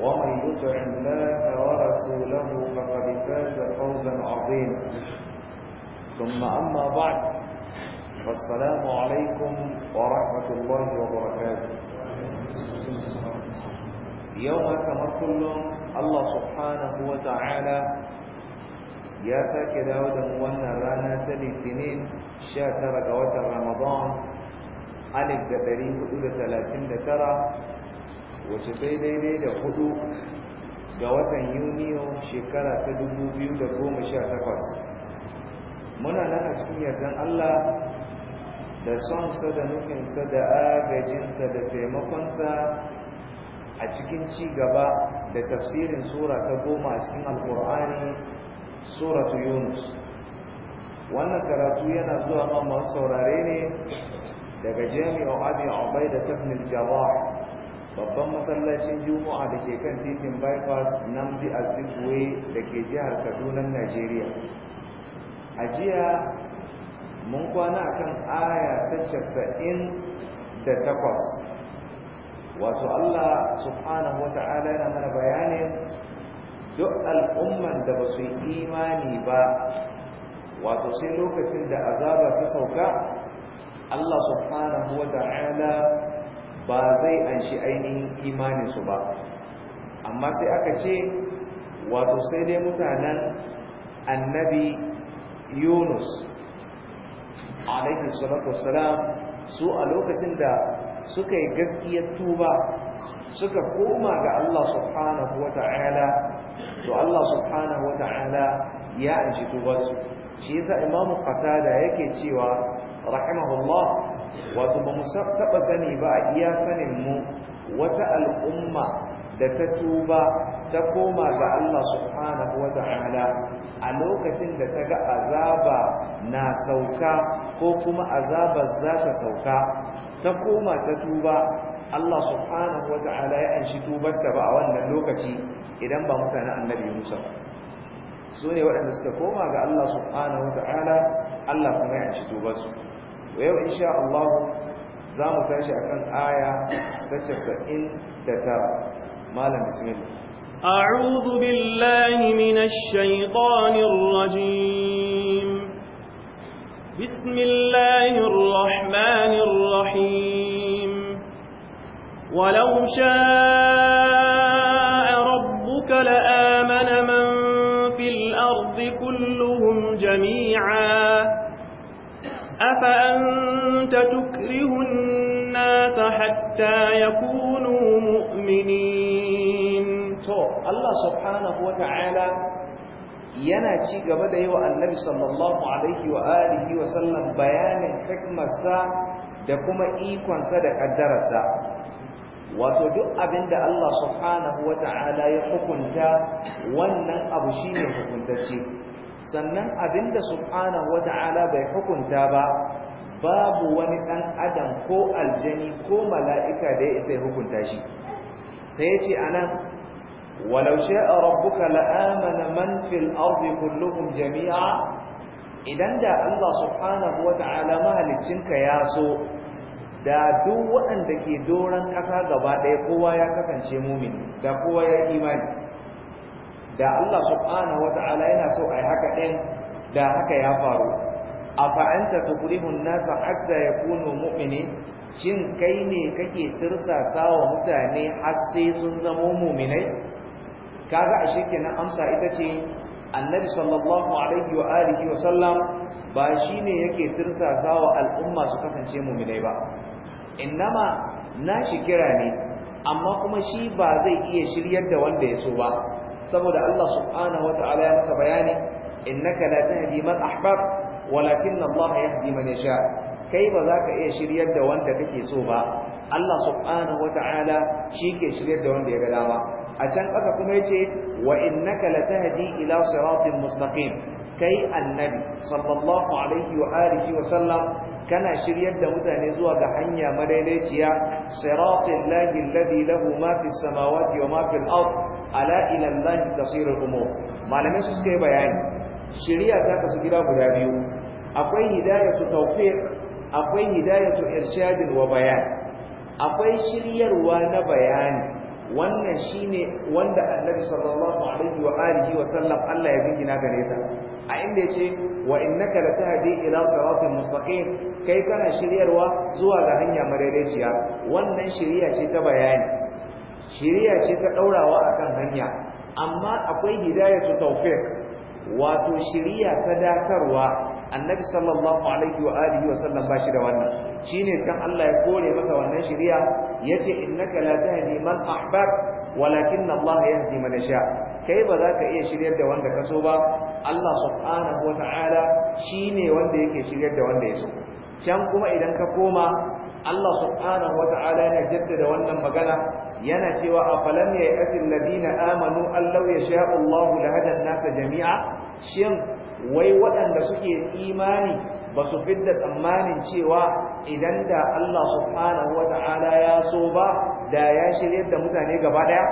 ومن يطع الله ورسوله فقد فاز فوزا عظيما ثم أما بعد فالسلام عليكم ورحمة الله وبركاته يوم كما الله سبحانه وتعالى يا ساكي داود مولنا رانا تلي سنين شاكرة قوات رمضان ألف دبريه أولى ثلاثين دكرة Wace sai daidai da hudu ga watan yuniyo shekara ta 2018 muna nan a cikin yardan Allah da sonsa da nufinsa da agajinsa da taimakonsa a cikin ci gaba da tafsirin sura ta goma cikin alkur'ani suratu yunus wannan karatu yana zuwa ma masu saurare ne daga jami'a abin abai da tafnil jama'a babban masallacin juma'a da ke kan titin bypass namdi azikwe da ke jihar kaduna najeriya a jiya mun kwana akan aya ta casa'in da takwas wato allah subhanahu wata'ala yana mana bayanin duk al'umman da ba su yi imani ba wato sai lokacin da azaba ta sauka allah subhanahu wata'ala ba zai anshi ainihin imaninsu ba amma sai aka ce wato sai dai mutanen annabi yunus alaihi salatu wassalam su a lokacin da suka yi gaskiyar tuba suka koma ga Allah subhanahu wa ta'ala to Allah subhanahu wa ta'ala ya anshi tubarsu shi yasa imamu qatada yake cewa rahimahullah wato ba mu taɓa sani ba a iya sanin mu wata al'umma da ta tuba ta koma ga Allah subhanahu wa ta'ala a lokacin da ta ga azaba na sauka ko kuma azabar za ta sauka ta koma ta tuba Allah subhanahu wa ta'ala ya shi tubarta ba a wannan lokaci idan ba mutane annabi Musa su ne waɗanda suka koma ga Allah subhanahu wa ta'ala Allah kuma ya anshi tubarsu wa yau insha Allah za mu tashi akan aya ta casa'in da tara malam bismillah أعوذ بالله من الشيطان الرجيم بسم الله الرحمن الرحيم ولو شاء ربك لآمن من في الأرض كلهم جميعاً أفأنت تكره الناس hatta ya مؤمنين to Allah subhanahu yana ci gaba da yawa annabi sallallahu alaihi wa alihi wa sallam bayanin hikmarsa da kuma ikonsa da kaddararsa wato duk abinda Allah subhanahu ya hukunta wannan abu shine hukuntacce sannan abinda subhanahu wata'ala bai hukunta ba babu wani dan adam ko aljani ko mala'ika da ya isa hukunta shi sai yace anan walau sha'a rabbuka la'amana man fil ardi kulluhum jami'a idan da Allah subhanahu wata'ala mahaliccinka ya so da duk waɗanda ke doron ƙasa gaba ɗaya kowa ya kasance mumin da kowa ya imani da Allah subhanahu wata'ala yana so a yi haka din da haka ya faru afa anta tukrihun nasa hatta yakunu mu'mini shin kai ne kake tirsasa wa mutane har sai sun zama mu'minai kaga ashe kenan amsa ita ce annabi sallallahu alaihi wa alihi wa sallam ba shine yake tirsasa wa al'umma su kasance mu'minai ba innama shi kira ne amma kuma shi ba zai iya shiryar da wanda ya so ba saboda Allah subhanahu wataala ya masa bayani innaka la tahdi man ahbab walakin Allah yahdi man yasha kai ba za ka iya shiryar da wanda kake so ba Allah subhanahu wataala shi ke shiryar da wanda ya ga dama a can ƙasa kuma yace wa innaka la tahdi ila siratin mustaqim kai annabi sallallahu alaihi wa alihi wa sallam kana shiryar da mutane zuwa ga hanya madaidaiciya siratal lahi alladhi lahu ma fis samawati wa ma fil ala ila Allah tasirul umur malamai su suka yi bayani shari'a ta kasu gida guda biyu akwai hidayatu tawfiq akwai hidayatu irshadin wa bayan akwai shiryarwa na bayani wannan shine wanda Annabi sallallahu alaihi wa alihi wa sallam Allah ya jingina gare sa a inda yace wa innaka latahdi ila siratin mustaqim kai kana shiryarwa zuwa ga hanya madaidaiciya wannan shiriya ce ta bayani shiriya ce ta ɗaurawa akan hanya amma akwai hidayatu tawfiq wato shiriya ta dakarwa annabi sallallahu alaihi wa alihi wa sallam ba shi da wannan shine can Allah ya kore masa wannan shiriya yace innaka la tahdi man ahbab walakin Allah yahdi man yasha kai ba za ka iya shiryar da wanda ka so ba Allah subhanahu wa ta'ala shine wanda yake shiryar da wanda ya so can kuma idan ka koma Allah subhanahu wa ta'ala yana jaddada wannan magana yana cewa a falam ya yasil ladina amanu allahu yasha'u Allahu lahada nasa jami'a shin wai waɗanda suke imani ba su fidda tsammanin cewa idan da Allah subhanahu Ta'ala ya so ba da ya shirya da mutane gaba ɗaya?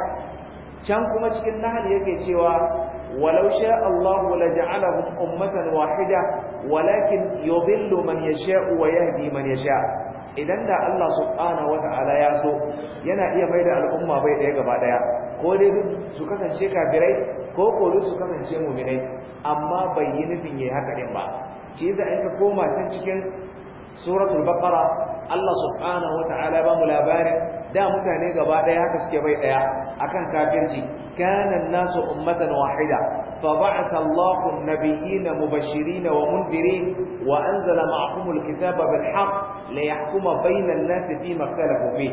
can kuma cikin nahal yake cewa ولو شاء الله ummatan wahida walakin ولكن يضل من يشاء ويهدي من يشاء idan da Allah subhanahu wata'ala ya so yana iya mai da al'umma bai daya gaba daya ko dai su kasance kafirai ko ko su kasance mu'minai amma bai yi nufin yayi haka din ba shi yasa in ka koma can cikin suratul baqara Allah subhanahu wata'ala ba mu labarin da mutane gaba daya haka suke bai daya akan kafirci kana an-nasu ummatan wahida فبعث الله النبيين مبشرين ومنذرين وأنزل معهم الكتاب بالحق la yahkuma bainan nasi fi makhtalafu fi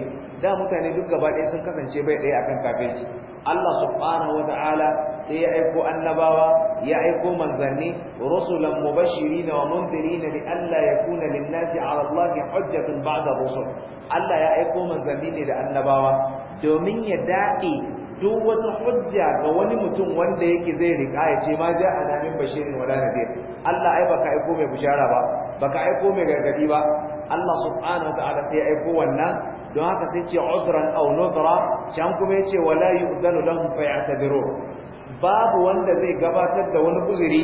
da mutane duk gaba ɗaya sun kasance bai ɗaya akan kafirci Allah subhanahu wata'ala sai ya aiko annabawa ya aiko manzanni rusulan mubashirin wa mundirin li alla yakuna lin nasi ala Allah hujjatun ba'da rusul Allah ya aiko manzanni ne da annabawa domin ya daɗe duk wata hujja ga wani mutum wanda yake zai riƙa ya ce ma ja alamin bashirin wala nadir Allah ai baka aiko mai bishara ba baka aiko mai gargadi ba Allah subhanahu ta'ala sai ya aiko wannan don haka sai ce udran aw nudra can kuma yace wala yu'danu lahum fa ya'tabiru babu wanda zai gabatar da wani uzuri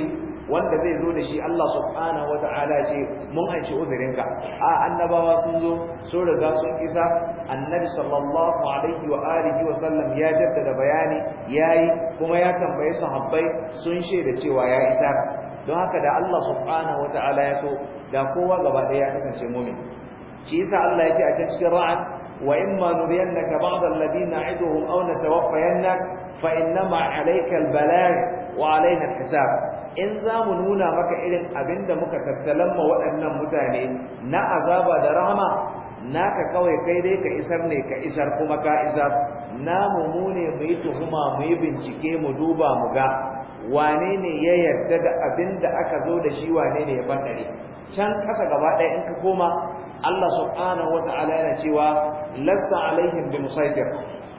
wanda zai zo da shi Allah subhanahu wa ta'ala ce mun anshi uzurinka a annabawa sun zo sun riga sun isa annabi sallallahu alaihi wa alihi wa sallam ya jaddada bayani yayi kuma ya tambaye sahabbai sun shaida cewa ya isa don haka da Allah subhanahu wa ta'ala ya so da kowa gaba ɗaya ya kasance mumin shi yasa Allah ya ce a cikin ra'ad wa imma nuriyannaka ba'd alladhina na'iduhum aw natawaffayannak fa innama 'alayka albalagh wa 'alaina alhisab in za mu nuna maka irin abinda muka tattalan ma waɗannan mutane na azaba da rahama naka kawai kai dai ka isar ne ka isar kuma ka isar namu mu ne mu yi tuhuma mu yi bincike mu duba mu ga wane ne ya yarda da abin da aka zo da shi wane ne ya bandare can kasa gaba ɗaya in ka koma Allah subhanahu wata'ala yana cewa lasta alaihim bi musaitir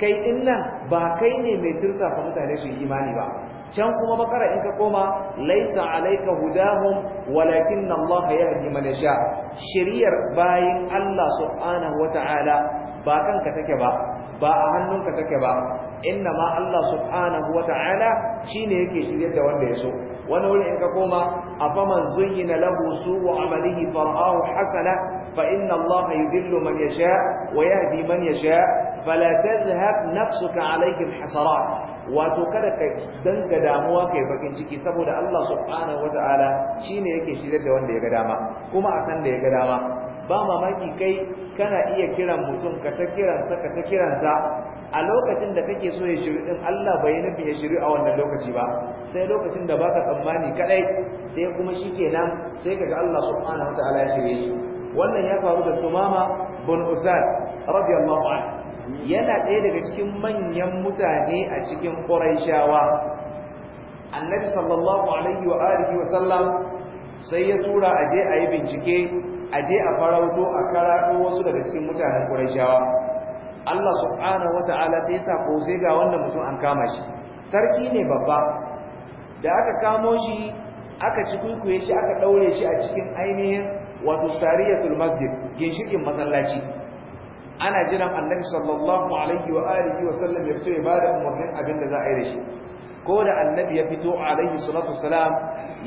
kai innan ba kai ne mai tirsa fa mutane su yi imani ba can kuma makara in ka koma laisa alaika hudahum walakin Allah yahdi man yasha shiriyar bayin Allah subhanahu wata'ala ba kanka take ba ba a hannunka take ba inna ma Allah subhanahu wata'ala shine yake shiryar da wanda ya so wani wuri in ka koma afaman zuyyina su wa amalihi far'ahu hasana fa inna Allah yudillu man yasha wa yahdi man yasha fala tazhab nafsuka alaihim hasarat wato kada ka danga damuwa kai bakin ciki saboda Allah subhanahu wataala shine yake shirye da wanda ya ga dama kuma a san da ya ga dama ba mamaki kai kana iya kiran mutum ka ta kiransa ka ta kiransa a lokacin da kake so ya shiru din Allah bai nufi ya shiru a wannan lokaci ba sai lokacin da baka tsammani kadai sai kuma shikenan sai kaga Allah subhanahu wa ta'ala ya shirye wannan ya faru da Tumama bin Usan radiyallahu anhu yana ɗaya daga cikin manyan mutane a cikin Qurayshawa Annabi sallallahu alaihi wa alihi wa sallam sai ya tura aje a yi bincike aje a farauto a karatu wasu daga cikin mutanen Qurayshawa Allah subhanahu wata'ala sai ya ko sai ga wannan mutum an kama shi sarki ne babba da aka kamo shi aka ci kuikuye shi aka daure shi a cikin ainihin wato sariyatul masjid ginshikin masallaci ana jiran annabi sallallahu alaihi wa alihi wa sallam ya fito ya umarnin abin da za a yi da shi ko da annabi ya fito alaihi salatu wasalam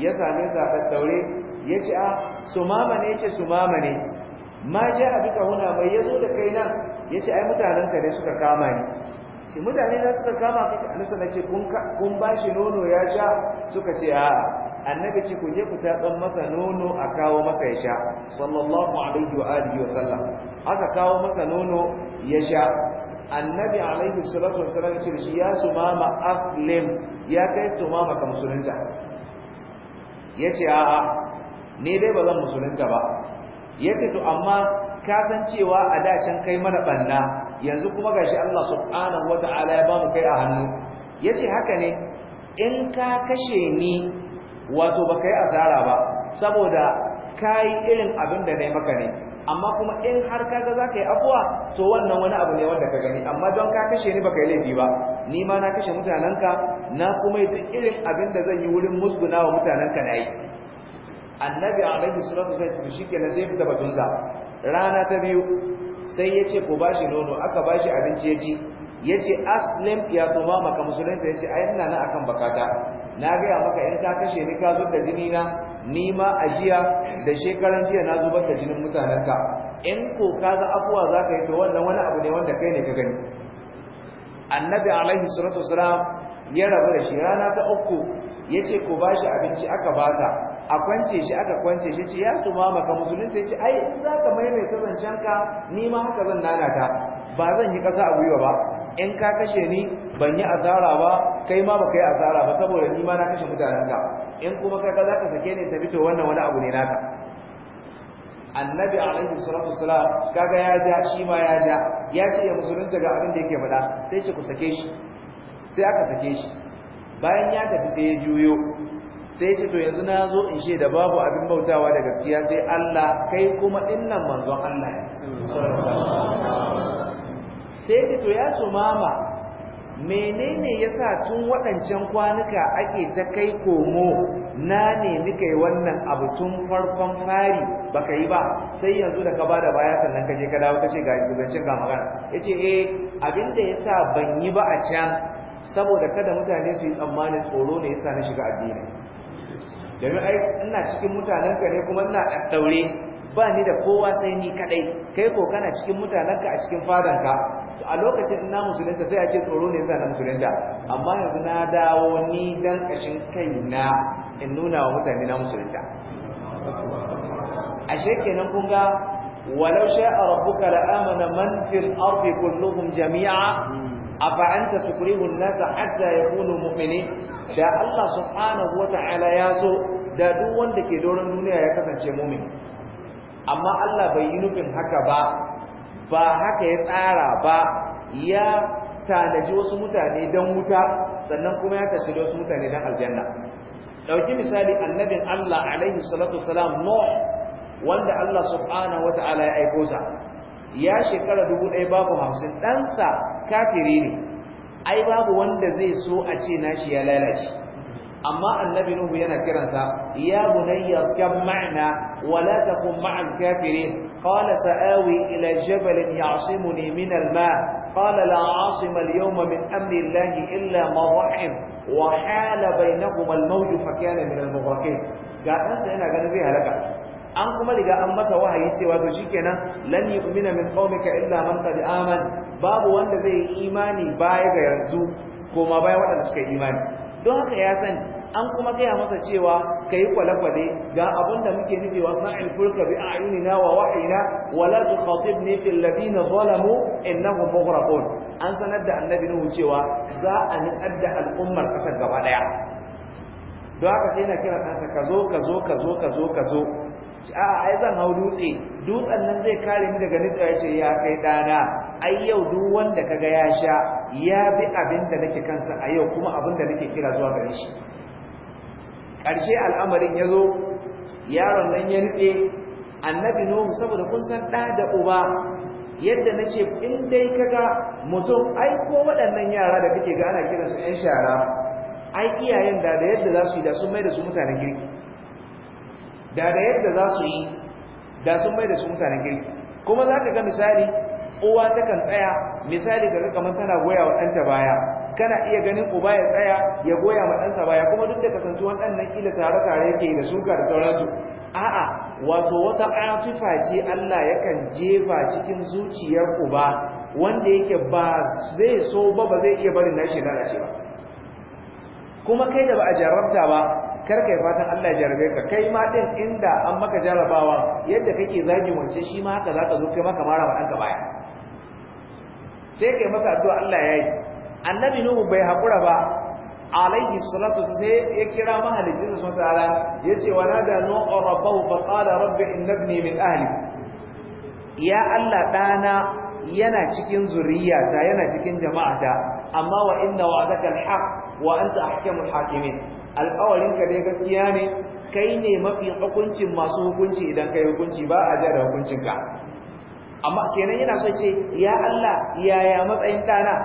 ya same sa daure ya ce a ah, sumama ne ce sumama ne ma ja abika huna mai yazo da kai nan ya ce ai mutanenka ne suka kama ni shi mutane za su ka kama ka anisa na ce kun ba shi nono ya sha suka ce a annabi ce ku je ku taɓa masa nono a kawo masa ya sha sallallahu alaihi wa alihi wa sallam aka kawo masa nono ya sha annabi alaihi salatu wa sallam ce shi ya sumama aslim ya kai mama ka musulunta ya ce a'a ni dai ba zan musulunta ba ya ce to amma ka san cewa a da can kai mana banna yanzu kuma gashi Allah subhanahu wata'ala ya bamu kai a hannu yace haka ne in ka kashe ni wato ba kai asara ba saboda kai irin abin da nayi maka ne amma kuma in har kaga zaka yi afuwa to wannan wani abu ne wanda ka gani amma don ka kashe ni baka yi laifi ba ni ma na kashe mutanenka na kuma yi duk irin abin da zan yi wurin musguna wa mutanenka na yi annabi alaihi salatu wasallam shikenan zai fita batunsa rana ta biyu sai ya ce ku ba shi nono aka ba shi abinci ya ci ya ce aslim ya maka musulunta ya ce a yana nan akan bakata na gaya maka 'yan ka kashe ni ka zo da jini na ni ma a jiya da shekaran jiya na zubar da jinin mutanenka in ko ka afuwa za ka yi to wannan wani abu ne wanda kai ne ka gani annabi alaihi salatu wasalam ya rabu da shi rana ta uku ya ce ku ba shi abinci aka ba sa a kwance shi aka kwance shi ce ya tumama maka musulunta ce ai in za ka maimaita zancenka ni ma haka zan nanata ba zan yi kasa a gwiwa ba in ka kashe ni ban yi asara ba kai ma ba kai asara ba saboda ni ma na kashe mutanen ka, in kuma kai ka za ka sake ni ta fito wannan wani abu ne naka annabi alaihi salatu wasalam kaga ya ja shi ma ya ja ya ce ya musulun ga abin da yake faɗa sai ce ku sake shi sai aka sake shi bayan ya tafi sai ya juyo sai ce to yanzu na zo in da babu abin bautawa da gaskiya sai Allah kai kuma dinnan manzon Allah sai ce to ya so mama menene yasa tun waɗancan kwanuka ake ta kai komo na nemi kai wannan abu tun farkon fari baka yi ba sai yanzu da ka ba da baya sannan ka je ka dawo ka ce ga gudancin ga magana ce, eh yasa ban yi ba a can saboda kada mutane su yi tsammanin tsoro ne yasa na shiga addini domin ai ina cikin mutanenka ne kuma ina daure ba ni da kowa sai ni kaɗai kai ko kana cikin mutanenka a cikin fadanka to a lokacin ina musulunta sai ake tsoro ne zan musulunta amma yanzu na dawo ni dan kashin kaina in nuna wa mutane na musulunta ashe kenan kun ga walau sha'a rabbuka la amana man fil ardi kulluhum jami'a afa anta tukrihu an-nasa hatta yakunu mu'minin da Allah subhanahu wata'ala ya so da duk wanda ke doron duniya ya kasance mu'min amma Allah bai yi nufin haka ba ba haka ya tsara ba ya tanaji wasu mutane don wuta sannan kuma ya tattali wasu mutane don aljanna ɗauki misali annabin Allah alaihi salatu wasalam Nuh wanda Allah subhanahu wata'ala ya aiko sa ya shekara dubu ɗaya babu hamsin ɗansa kafiri ne ai babu wanda zai so a ce nashi ya lalace amma annabi nuhu yana kiransa ya bunayya kan ma'ana wala takun ma'al kafirin qala sa'awi ila jabalin ya'simuni min al-ma' قال لا عاصم اليوم من أمر الله إلا ما رحم وحال بينهما الموج فكان من المغرقين قال أنت هنا قال زي an kuma riga an masa wahayi cewa to shikenan lan yu'mina min qaumika illa man qad aman babu wanda zai yi imani baya ga yanzu koma baya waɗanda suka yi imani don haka ya sani an kuma gaya masa cewa ka yi kwale-kwale ga abin da muke nufi wa sa'il fulka bi a'yunina wa wa'ina wa la tukhatibni fil ladina zalamu innahum mughraqun an sanar da annabi nuhu cewa za a niƙar da al'ummar ƙasar gaba ɗaya don haka sai na kira ɗansa ka zo ka zo ka zo ka zo ka zo a ai zan hau dutse dutsen nan zai kare ni daga nitsa yace ya kai dana ai yau duk wanda kaga ya sha ya bi abin da nake kansa a yau kuma abin da nake kira zuwa gare shi Karshe al'amarin ya zo yaron nan ya rike annabi nuhu saboda kun san ɗa da uba yadda na in dai kaga mutum ai ko waɗannan yara da kake ga ana kiransu 'yan shara ai iyayen da da yadda za su yi da sun mai da su mutanen girki da da yadda za su yi da sun mai da su mutanen kirki kuma za ka ga misali uwa takan tsaya misali ga kamar tana goya wa ɗanta baya kana iya ganin uba ya tsaya ya goya wa ɗansa baya kuma duk da kasance waɗannan nan kila tare tare yake da suka da sauransu a'a wato wata afifa ce Allah yakan jefa cikin zuciyar uba wanda yake ba zai so ba ba zai iya barin nashi lalace ba kuma kai da ba a jarrabta ba kar kai fatan Allah ya jarabe ka kai ma din inda an maka jarabawa yadda kake zagi wance shi ma haka zaka zo kai maka mara wa baya sai kai masa addu'a Allah ya yi annabi nuhu bai hakura ba alaihi salatu sai ya kira mahalicin sa subhanahu ta'ala yace wa nada nuhu rabbahu fa qala rabbi innabni min ahli ya Allah dana yana cikin zuriyata yana cikin jama'ata amma wa inna wa'daka al-haq wa anta ahkamul hakimin alƙawarinka dai gaskiya ne kai ne mafi hukuncin masu hukunci idan kai hukunci ba a ja ka. hukuncinka amma kenan yana so ce ya Allah yaya matsayin tana?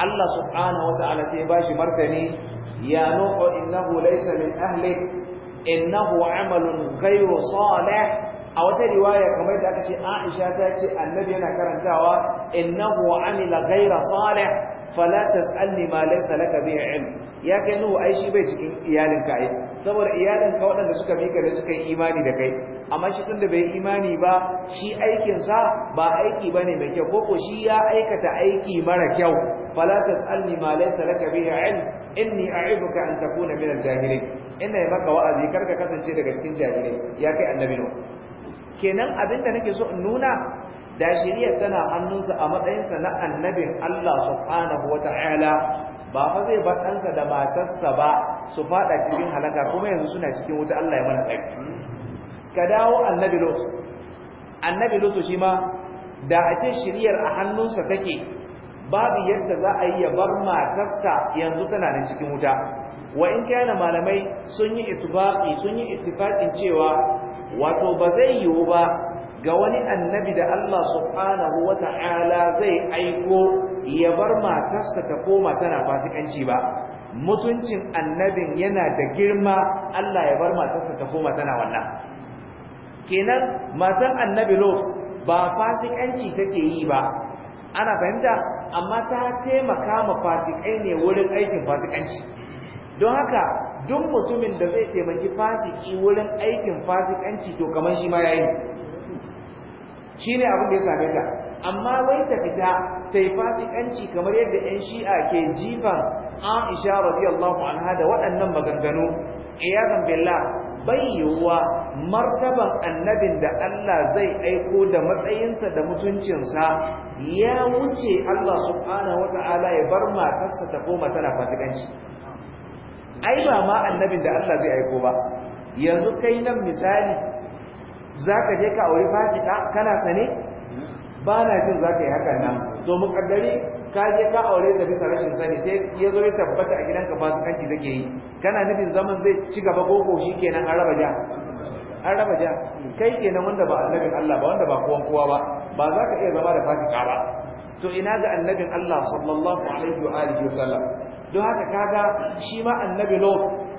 Allah subhanahu wata'ala sai ba martani ya nuhu innahu laysa min ahlik innahu amalun ghayru salih a wata riwaya kamar da aka ce Aisha ta ce annabi yana karantawa innahu amila ghayra salih fala tasalni ma laysa laka bihi ya kai nuhu ai shi bai cikin iyalinka ai saboda iyalin ka waɗanda suka mika da suka yi imani da kai amma shi tunda bai imani ba shi aikinsa ba aiki bane mai kyau koko shi ya aikata aiki mara kyau fala tasalni ma laysa laka bihi ilm inni a'iduka an takuna min al-jahilin ina yi maka wa'azi karka kasance daga cikin jahilai ya kai annabi nuhu kenan abinda nake so in nuna da tana hannunsa a matsayinsa na annabin Allah subhanahu wa ta'ala ba fa zai bar ɗansa da matarsa ba su faɗa cikin halaka kuma yanzu suna cikin wuta Allah ya mana tsari ka dawo annabi lutu annabi lutu shi ma da a ce shiriyar a hannunsa take babu yadda za a yi ya bar matarsa yanzu tana da cikin wuta wa in kayana malamai sun yi ittifaqi sun yi itifaƙin cewa wato ba zai yiwu ba ga wani annabi da Allah subhanahu wa ta'ala zai aiko ya bar matarsa ta koma tana fasikanci ba mutuncin annabin yana da girma Allah ya bar matarsa ta koma tana wannan kenan matan annabi lo ba fasikanci take yi ba ana fahimta amma ta taimaka ma fasikai ne wurin aikin fasikanci don haka duk mutumin da zai taimaki fasiki wurin aikin fasikanci to kamar shi ma yayi Shi ne abin da ya same ta amma wai ta fita ta yi fasikanci kamar yadda yan shi'a ke jifan Aisha radiyallahu anha da waɗannan maganganu Iyazan billah bai yiwuwa martaban annabin da Allah zai aiko da matsayinsa da mutuncinsa ya wuce Allah subhanahu ta'ala ya bar matarsa ta koma tana fasikanci ai ba ma annabin da Allah zai aiko ba yanzu kai nan misali za ka je ka auri fasika kana sane ba na jin za ka yi hakan nan domin kaddari ka je ka aure da bisa rashin sani sai ya zo ya tabbata a gidanka fasikanci zake yi kana nufin zaman zai ci gaba koko shi kenan an raba ja an raba ja kai kenan wanda ba annabin Allah ba wanda ba kowa kowa ba ba za ka iya zama da fasika ba to ina ga annabin Allah sallallahu alaihi wa alihi wa sallam don haka kaga shi ma annabi lo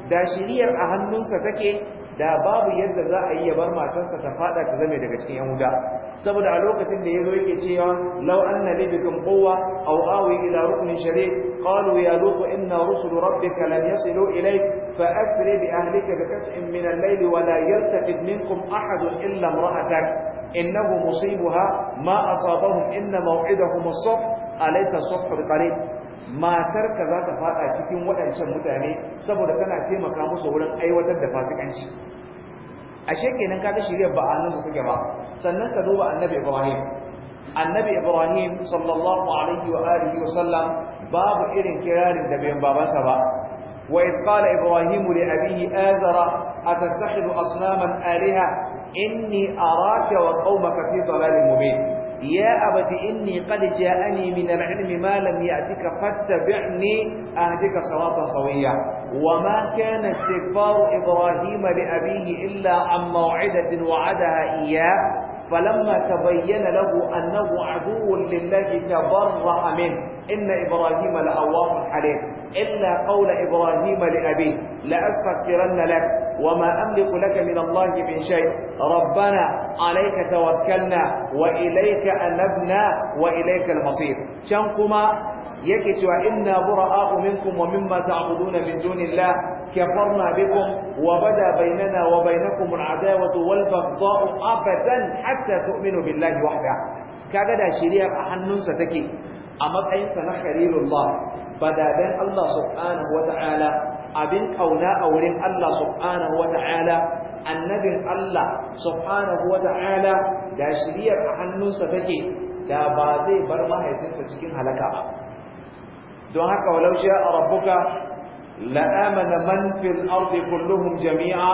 da shiriyar a hannunsa take da babu yadda za a yi ya bar matarsa ta fada ta zame daga cikin yahuda saboda a lokacin da ya zo yake cewa law anna li bikum quwwa aw awi ila ruknin shari' qalu ya lutu inna rusul rabbika lan yasilu ilayk fa asri bi ahlika bi qat'in min al-layl wa la yaltaqid minkum ahad illa imra'atak innahu musibuha ma asabahum inna maw'idahum as-subh alaysa as-subh biqarib matar ka za ta fada cikin waɗancan mutane saboda tana taimaka musu wurin aiwatar da fasikanci ashe kenan ta shirya ba annan su kuke ba sannan ka duba annabi Ibrahim annabi Ibrahim sallallahu alaihi wa alihi wa sallam babu irin kirarin da bayan babansa ba wa id qala Ibrahim li abihi azara atattakhidhu asnaman alaha inni araka wa qaumaka fi dhalalin mubin يا أبت إني قد جاءني من العلم ما لم يأتك فاتبعني أهدك صراطا صوية وما كان استغفار إبراهيم لأبيه إلا عن موعدة وعدها إياه فلما تبين له أنه عدو لله تبرأ منه إن إبراهيم لأواه حليم إلا قول إبراهيم لأبيه لأستغفرن لك وما أملك لك من الله من شيء ربنا عليك توكلنا وإليك أنبنا وإليك المصير شنكما يكت وإنا براء منكم ومما تعبدون من دون الله كفرنا بكم وبدا بيننا وبينكم العداوة والبغضاء أبدا حتى تؤمنوا بالله وحده كذا شريعة أحننس تكي a matsayinsa na khalilullah badadan Allah subhanahu ta'ala, abin kauna a wurin Allah subhanahu ta'ala, annabin Allah subhanahu ta'ala, da shiriyar a hannunsa take da ba zai bar mahaifinsa cikin halaka ba don haka walau sha a rabbuka amana man fil ardi kulluhum jami'a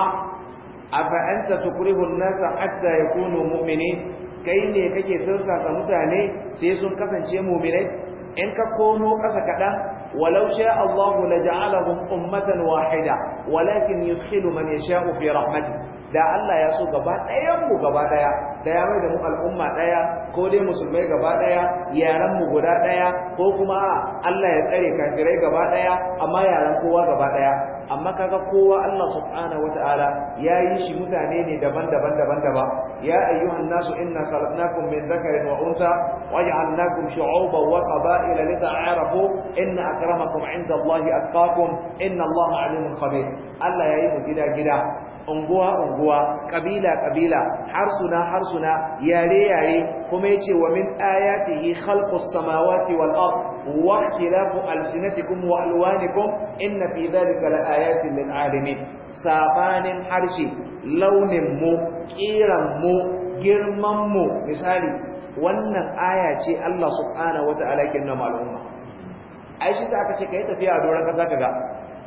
afa anta tukrihu an-nasa hatta yakunu mu'minin kai ne kake tursasa mutane sai sun kasance mu'minai in ka komo ƙasa kaɗan walau sha Allah la ja'alahum ummatan wahida walakin yudkhilu man yasha'u fi rahmatihi da Allah ya so gaba ɗayan mu gaba ɗaya da mai da mu al'umma ɗaya ko dai musulmai gaba ɗaya yaran mu guda ɗaya ko kuma Allah ya tsare kafirai gaba ɗaya amma yaran kowa gaba ɗaya amma kaga kowa Allah subhanahu wataala ya yi shi mutane ne daban-daban daban-daban ya ayyuhan nasu inna khalaqnakum min dhakarin wa unsa waj'alnakum shu'uban wa qaba'ila lita'arafu inna akramakum 'inda Allahi atqakum inna Allaha 'alimun khabir Allah ya yi mu gida-gida unguwa unguwa kabila kabila harsuna harsuna yare yare kuma yace wa min ayatihi khalqus samawati wal ard wa ikhtilafu alsinatikum wa alwanikum inna fi dhalika la ayatin lil alamin sabanin harshe launin mu kiran mu girman mu misali wannan aya ce Allah subhanahu wataala ke nuna al'umma ai shi da aka ce kai tafiya a doron kasa kaga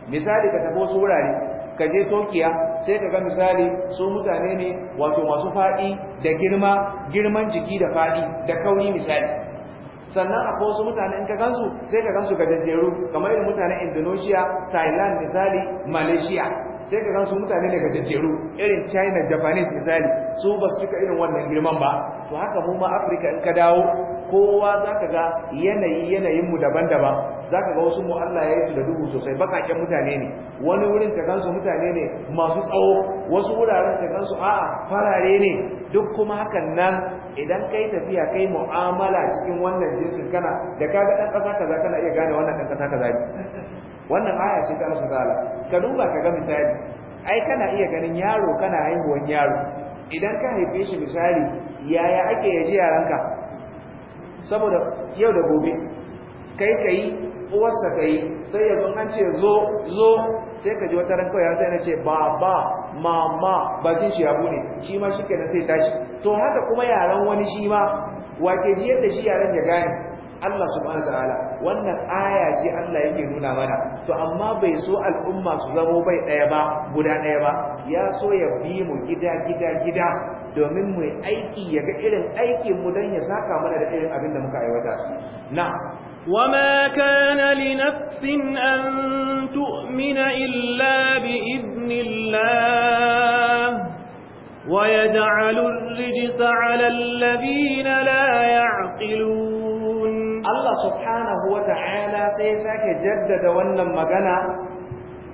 misali ka tafi wasu wurare ka je tokiya sai ka ga misali su mutane ne wato masu faɗi da girma girman jiki da faɗi da kauri misali sannan akwai wasu mutane in ka gansu sai ka gansu gajajjeru kamar irin mutanen indonesia thailand misali malaysia sai ka gansu mutane ne gajajjeru irin china japanese misali su ba su cika irin wannan girman ba to haka mu ma afirka in ka dawo kowa za ka ga yanayi yanayin mu daban za ka ga wasu mu Allah ya yi su da duhu sosai bakaken mutane ne wani wurin ka gansu mutane ne masu tsawo wasu wuraren ka gansu a'a farare ne duk kuma hakan nan idan kai tafiya kai mu'amala cikin wannan jinsin kana da ka ga ɗan ƙasa ka za, kana iya gane wannan ɗan ƙasa ka za ne wannan aya ce ta Allah ta'ala ka duba ka ga misali ai kana iya ganin yaro kana haihuwan yaro idan ka haife shi misali yaya ake yaji yaranka saboda yau da gobe kai kai uwarsa kai sai ya zo an ce zo zo sai ka ji wata ran kawai sai na ce baba mama bakin shi abu ne. shi ma shi kenan sai tashi to haka kuma yaran wani shi ma wake ji yadda shi yaran ya gane Allah subhanahu wataala wannan aya ce Allah yake nuna mana to amma bai so al'umma su zamo bai daya ba guda daya ba ya so ya bi mu gida gida gida domin mu aiki ya ga irin aikinmu don dan ya saka mana da irin abin da muka aiwata na wa ma kana li nafsin an tu'mina illa bi idnillah wa yaj'alu ar-rijsa 'ala alladhina la Allah subhanahu wa ta'ala sai sake jaddada wannan magana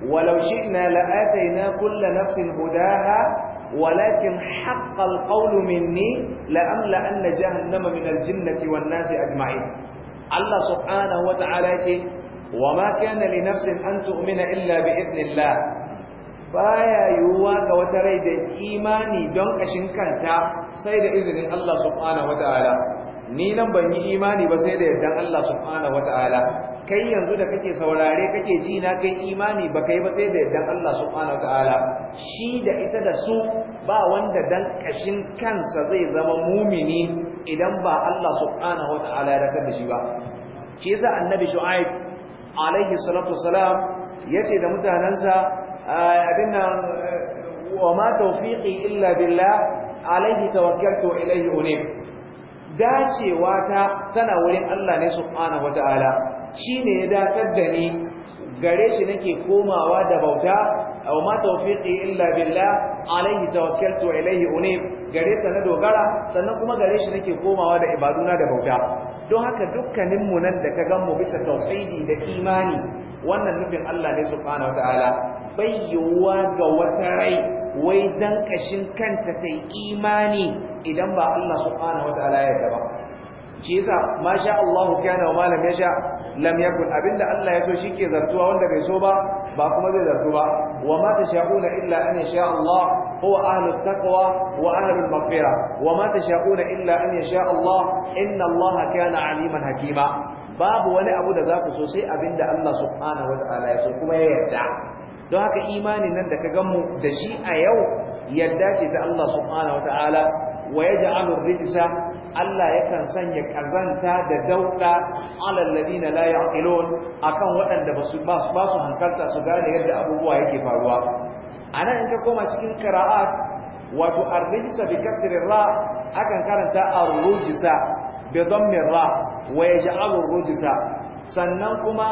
na shi'na la'atayna kull nafsin hudaha ولكن حق القول مني لأملأن جهنم من الجنة والناس أجمعين الله سبحانه وتعالى وما كان لنفس أن تؤمن إلا بإذن الله baya yiwuwa ga wata rai da imani don kashin kanta sai da izinin Allah wataala ni nan ban yi imani ba sai da yardan Allah subhanahu wataala kai yanzu da kake saurare kake ji na kai imani ba kai ba sai da dan Allah subhanahu wataala shi da ita da su ba wanda dan kashin kansa zai zama mumini idan ba Allah subhanahu wataala ya raka da shi ba shi yasa annabi shu'aib alaihi salatu wasalam yace da mutanansa abin nan wa ma tawfiqi illa billah alaihi tawakkaltu ilaihi unib dacewa ta tana wurin Allah ne subhanahu wataala shi ne ya dakar da ni gare shi nake komawa da bauta aw ma tawfiqi illa billah alayhi tawakkaltu wa ilayhi unib gare sa na dogara sannan kuma gare shi nake komawa da ibaduna da bauta don haka dukkanin mu nan da ka gan mu bisa tauhidi da imani wannan nufin Allah ne subhanahu wataala bayyuwa ga wata rai wai dan kashin kanta ta imani idan ba Allah subhanahu wataala ya yarda ba shi yasa ma sha Allah kana wa malam ya sha. lam yakun abinda Allah ya so shike zartuwa wanda bai so ba ba kuma zai zartu ba wa ma tasha'una illa an yasha Allah huwa ahlus taqwa wa ahlul maghfira wa ma tasha'una illa an yasha Allah inna Allah kana aliman hakima babu wani abu da za ku so sai abinda Allah subhanahu wa ta'ala ya so kuma ya yarda don haka imani nan da ka mu da shi a yau yadda ce ta Allah subhanahu wa ta'ala wa yaj'alu rijsa Allah yakan sanya kazanta da dauda alal ladina la yaqilun akan waɗanda basu ba su hankalta su gane yadda abubuwa yake faruwa anan in ka koma cikin qira'at wato ar bi kasri ra akan karanta ar-rujsa bi dhammi ra wa yaj'alu sannan kuma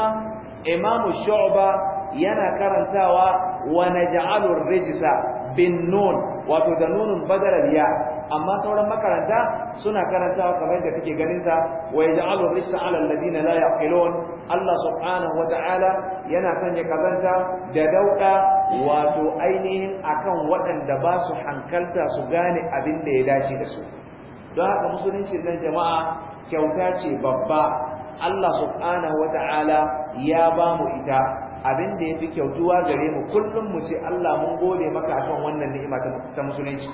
imamu shu'ba yana karantawa wa naj'alu ar bin nun wato da nunun badalal ya amma sauran makaranta suna karantawa kamar da kake ganin sa wa yaj'alu rijsa 'ala alladhina la yaqilun Allah subhanahu wa ta'ala yana sanya kazanta da dauka wato ainihin akan waɗanda ba su hankalta su gane abin da ya dace da su don haka musulunci nan jama'a kyauta ce babba Allah subhanahu wa ta'ala ya ba mu ita abin da ya fi kyautuwa gare mu kullum mu ce Allah mun gode maka akan wannan ni'ima ta musulunci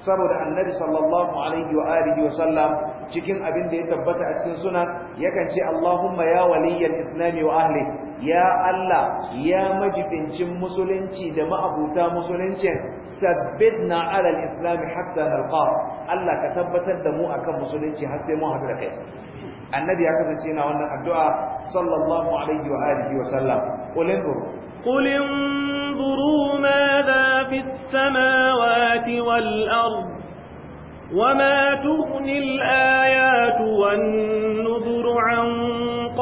saboda annabi sallallahu alaihi wa alihi wa sallam cikin abin da ya tabbata a cikin sunan yakan ce Allahumma ya waliyal islami wa ahli ya Allah ya majibincin musulunci da ma'abuta musuluncin sabbitna ala al-islam hatta nalqa Allah ka tabbatar da mu akan musulunci har sai mu haɗu da kai annabi ya kasance yana wannan addu'a sallallahu alaihi wa alihi wa sallam qul انظروا ماذا في السماوات والأرض وما تغني الآيات والنذر عن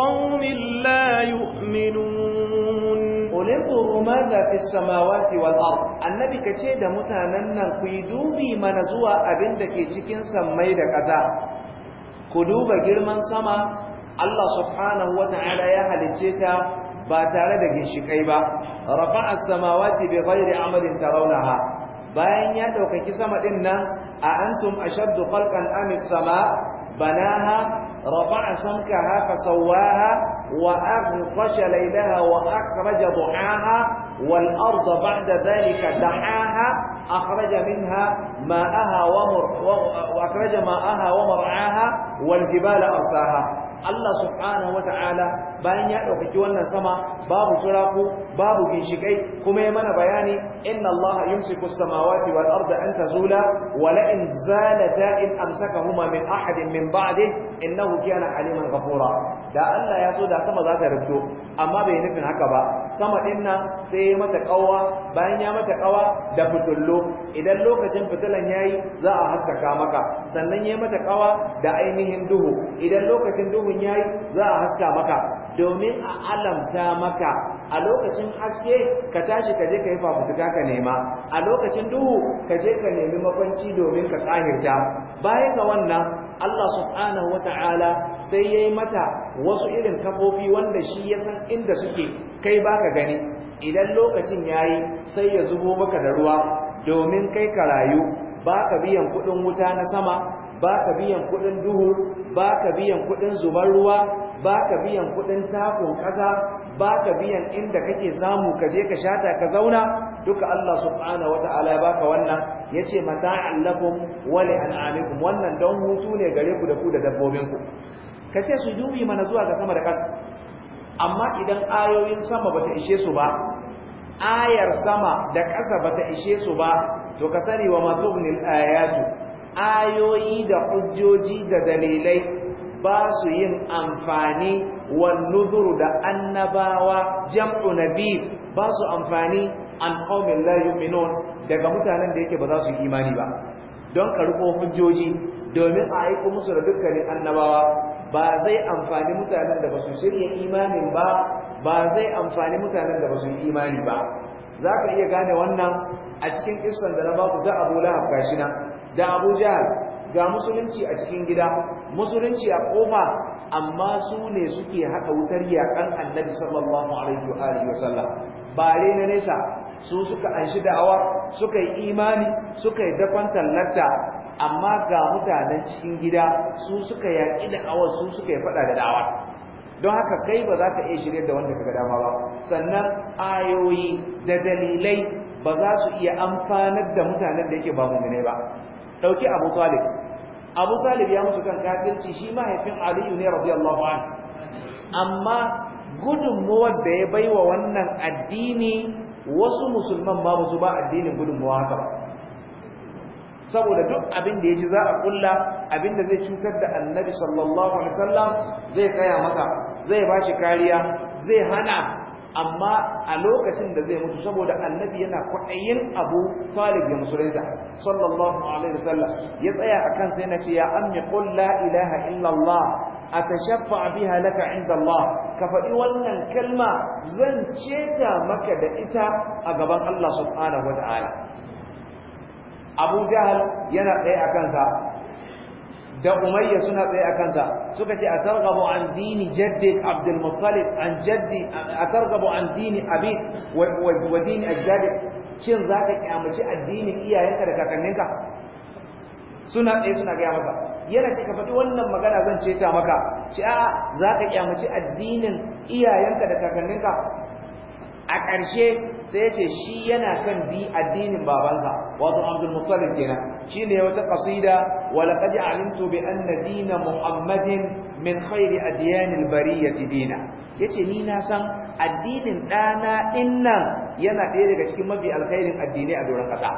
قوم لا يؤمنون قل انظروا ماذا في السماوات والأرض النبي كتير متاننا قيدوبي منزوى أبندك تكين سميد كذا ku duba girman sama Allah subhanahu wa ta'ala ya halicce ta ba tare da ginshikai ba rafa'a samawati bi ghairi amalin tarawnaha bayan ya daukaki sama din nan a antum ashaddu khalqan am as-sama banaha rafa samkaha fasawwaha wa aghqasha laylaha wa akhraja duhaha wal arda ba'da dhalika dahaha akhraja minha ma'aha wa akhraja ma'aha wa mar'aha wal jibala arsaha Allah subhanahu wa ta'ala bayan ya ɗaukaki wannan sama babu turaku babu ginshikai kuma ya mana bayani inna Allah yumsiku samawati wal arda an tazula wa la in zalata in amsakahuma min ahadin min ba'di innahu kana aliman ghafura da Allah ya so da sama za ta rubto amma bai nufin haka ba sama din nan sai ya mata kawa bayan ya mata kawa da fitullo idan lokacin fitilan yayi za a haskaka maka sannan ya mata kawa da ainihin duhu idan lokacin duhun yayi za a haska maka domin a alamta maka a lokacin haske ka tashi ka je ka yi fafutuka ka nema a lokacin duhu ka je ka nemi makwanci domin ka tsahirta bayan ga wannan Allah subhanahu ta'ala sai ya yi mata wasu irin kafofi wanda shi ya san inda suke kai ba ka gani idan lokacin ya yi sai ya zubo maka da ruwa domin kai ka rayu ba ka biyan kuɗin wuta na sama ba ka biyan kuɗin duhu ba ka biyan kuɗin zubar ruwa ba ka biyan kudin takon kasa ba ka biyan inda kake samu ka je ka shata ka zauna duka Allah subhanahu wataala ya baka wannan yace mata'an lakum wa li an'amikum wannan don hutu ne gare ku da ku da dabbobin ku kace su dubi mana zuwa ga sama da kasa amma idan ayoyin sama bata ishe su ba ayar sama da kasa bata ishe su ba to ka sani wa matubnil ayatu ayoyi da hujjoji da dalilai ba su yin amfani wa nuzuru da annabawa jam'u nabi ba su amfani an qaumin la yu'minun daga mutanen da yake ba za su yi imani ba don ka rubo hujjoji domin a aiko musu da dukkanin annabawa ba zai amfani mutanen da ba su shirya imanin ba ba zai amfani mutanen da ba su yi imani ba za ka iya gane wannan a cikin kissan da na ku da abu lahab gashi da abu jahal ga musulunci a cikin gida musulunci a kofa amma su ne suke haɗa wutar yaƙan annabi sallallahu alaihi wa alihi wa sallam ne na nesa su suka anshi da'awa suka yi imani suka yi dafan tallata amma ga mutanen cikin gida su suka yaƙi da'awa su suka yi faɗa da da'awa don haka kai ba za ka iya shirya da wanda kaga dama ba sannan ayoyi da dalilai ba za su iya amfanar da mutanen da yake ba ne ba dauki Abu Talib abu talib ya mutu kan kafirci shi mahaifin aliyu ne radiyallahu anhu amma gudunmuwar da ya baiwa wannan addini wasu musulman ma ba su ba addinin gudunmuwa haka ba saboda duk abin da ya ji za a kulla abin da zai cutar da annabi sallallahu alaihi wasallam zai kaya masa zai ba shi kariya zai hana amma a lokacin da zai mutu saboda annabi yana kwaɗayin abu talib ya musulunta sallallahu alaihi wasallam ya tsaya a kan sai na ce ya ammi qul la ilaha illallah atashaffa biha laka inda Allah ka faɗi wannan kalma zan ceta maka da ita a gaban Allah subhanahu wa ta'ala Abu Jahal yana tsaye a kansa da umayya suna tsaye a kansa suka ce a targabu an dini jaddi abdul muttalib an jaddi a targabu an dini abi wa dini ajdadi kin za ka kyamaci addinin iyayenka da kakanninka suna tsaye suna gaya masa yana ce ka faɗi wannan magana zan ce ta maka ce a za ka kyamaci addinin iyayenka da kakanninka a ƙarshe sai ya ce shi yana kan bi addinin babansa wato abdul muttalib kenan ne wata qasida wa laqad alimtu bi anna dina muhammadin min khairi adyanil bariyati dina yace ni na san addinin dana ɗinnan yana ɗaya daga cikin mafi alkhairin addinai a doron ƙasa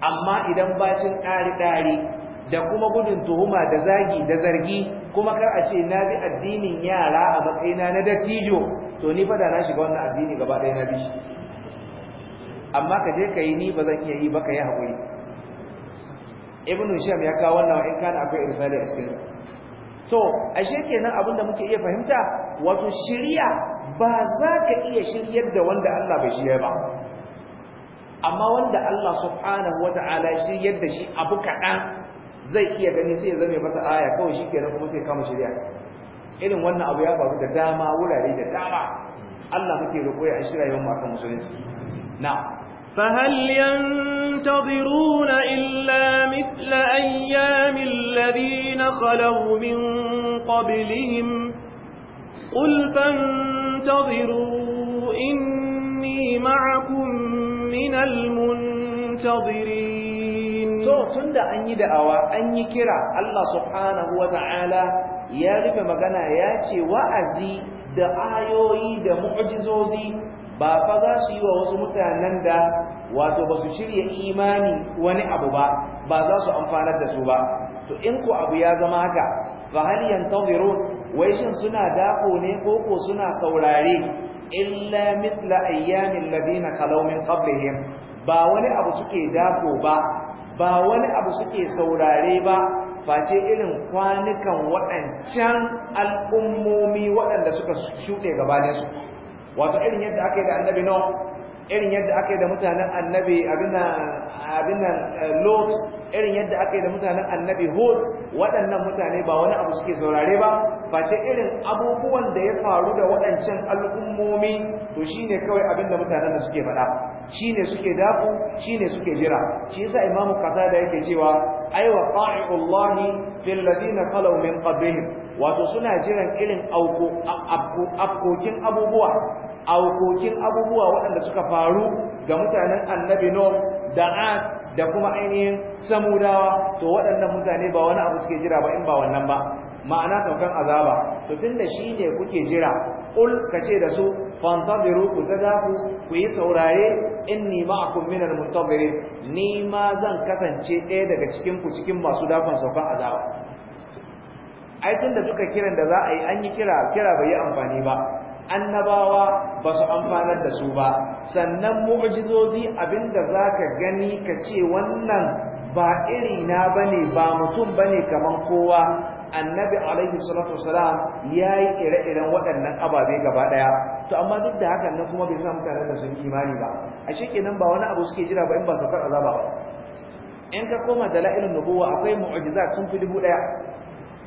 amma idan bacin ƙari-ƙari da kuma gudun tuhuma da zagi da zargi kuma kar a ce na bi addinin yara a matsayina na dattijo to ni fada na shiga wannan addini gaba ɗaya na bi shi amma ka je ka yi ni ba zan iya yi ba ka yi haƙuri ibnu sham ya kawo wannan in kana akwai irsali a cikin to ashe kenan abin da muke iya fahimta wato shiriya ba za ka iya shiryar da wanda Allah bai shirya ba amma wanda Allah subhanahu wata'ala shiryar da shi abu kaɗan zai iya gani sai ya zame masa aya kawai shi kenan kuma sai kama shirya. irin wannan abu ya faru da dama wurare da dama Allah muke roƙo ya shirya yawan maka musulunci na فهل ينتظرون إلا مثل أيام الذين خلوا من قبلهم قل فانتظروا إني معكم من المنتظرين yau tun da an yi da'awa an yi kira Allah subhanahu wa ta'ala ya rufe magana ya ce wa'azi da ayoyi da mu'ajizozi ba fa za su yi wa wasu mutanen da wato ba su shirya imani wani abu ba ba za su amfanar da su ba to in ku abu ya zama haka fa hal yantazirun wai shin suna dako ne ko ko suna saurare illa mithla ayyamin ladina khalaw min qablihim ba wani abu suke dako ba ba wani abu suke saurare ba face irin kwanukan waɗancan al'ummomi waɗanda suka shuɗe gabaninsu wato irin yadda aka yi da annabi no irin yadda aka yi da mutanen annabi abinan nan eh, lot irin yadda aka yi da mutanen annabi hud waɗannan mutane ba wani abu suke saurare ba face irin abubuwan da ya faru da waɗancan al'ummomi to shine kawai abin da mutanen da suke faɗa Shi ne suke dafu ne suke jira shi yasa imamu da yake cewa aiwa wa qa'iullahi fil ladina min qablihim wato suna jiran irin auko afkokin abubuwa aukokin abubuwa waɗanda suka faru ga mutanen annabi no da ad da kuma ainihin samudawa to waɗannan mutane ba wani abu suke jira ba in ba wannan ba ma'ana saukan azaba to tunda ne kuke jira ul kace da su fantabiru ku ta ku ku yi saurare inni ma'akum minal muntazirin ni ma zan kasance ɗaya daga cikin ku cikin masu dafan saukan azaba ai tun da duka kiran da za a yi an yi kira kira bai yi amfani ba annabawa ba su amfanar da su ba sannan mu'jizozi abinda ka gani ka ce wannan ba iri na bane ba mutum bane kamar kowa annabi alaihi salatu wasalam ya yi ire-iren waɗannan ababe gaba daya to amma duk da hakan nan kuma bai sa mutanen da sun imani ba a shekenan ba wani abu suke jira ba in ba fara azaba ba in ka koma dala'ilin nubuwa akwai mu'jiza sun fi dubu ɗaya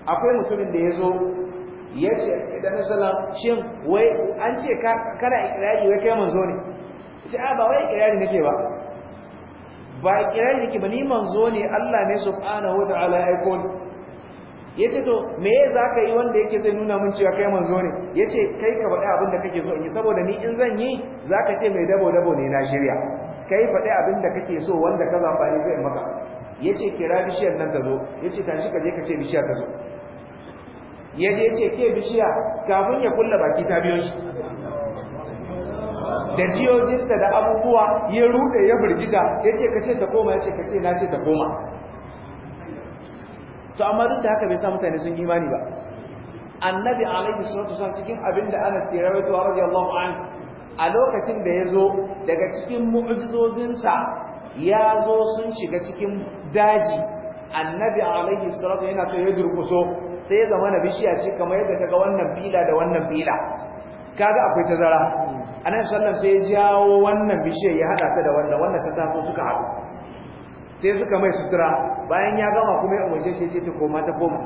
akwai mutumin da ya zo ya ce idan na sallam shin wai an ce kana ikirari wai kai manzo ne ce a ba wai ikirari nake ba ba ikirari nake ba ni manzo ne Allah ne subhanahu wa ta'ala ya aiko ni ya ce to me za ka yi wanda yake zai nuna mun cewa kai manzo ne ya ce kai ka faɗi abin da kake so in yi saboda ni in zan yi za ka ce mai dabo dabo ne na shirya kai faɗi abin da kake so wanda ka zaɓa ne zai maka ya ce kira bishiyar nan ta zo ya ce tashi ka je ka ce bishiya ta zo ya je ce ke bishiya kafin ya kulla baki ta biyo shi da jiyojinta da abubuwa ya rude ya birgida ya ce ka ce ta koma ya ce ka ce na ce ta koma to amma duk da haka bai sa mutane sun yi imani ba annabi alaihi salatu wasallam cikin abin da Anas ke rawaito radiyallahu anhu a lokacin da ya zo daga cikin mu'jizozinsa ya zo sun shiga cikin daji annabi alaihi salatu yana so ya durkuso sai ya zama na bishiya ce kamar yadda kaga wannan bila da wannan bila kaga akwai tazara anan sallan sai ya jawo wannan bishiyar ya hada ta da wannan wannan sai ta suka haɗu sai suka mai sutura bayan ya gama kuma ya umarce shi ta koma ta koma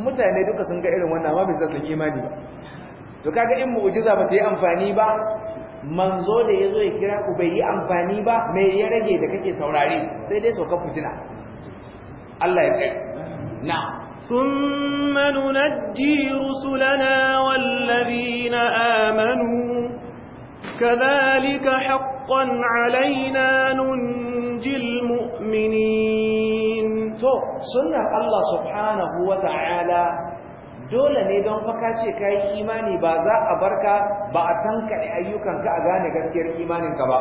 mutane duka sun ga irin wannan amma bai san imani ba to kaga in mu'jiza ba ta yi amfani ba manzo da ya zo ya kira ku bai yi amfani ba Mai ya rage da kake saurare sai dai sauka fitina Allah ya kai na ثم ننجي رسلنا والذين آمنوا كذلك حق حقا علينا ننجي المؤمنين to sunnar Allah subhanahu wa ta'ala dole ne don faka ce kai imani ba za a barka ba a ayyukan ka a gane gaskiyar imaninka ba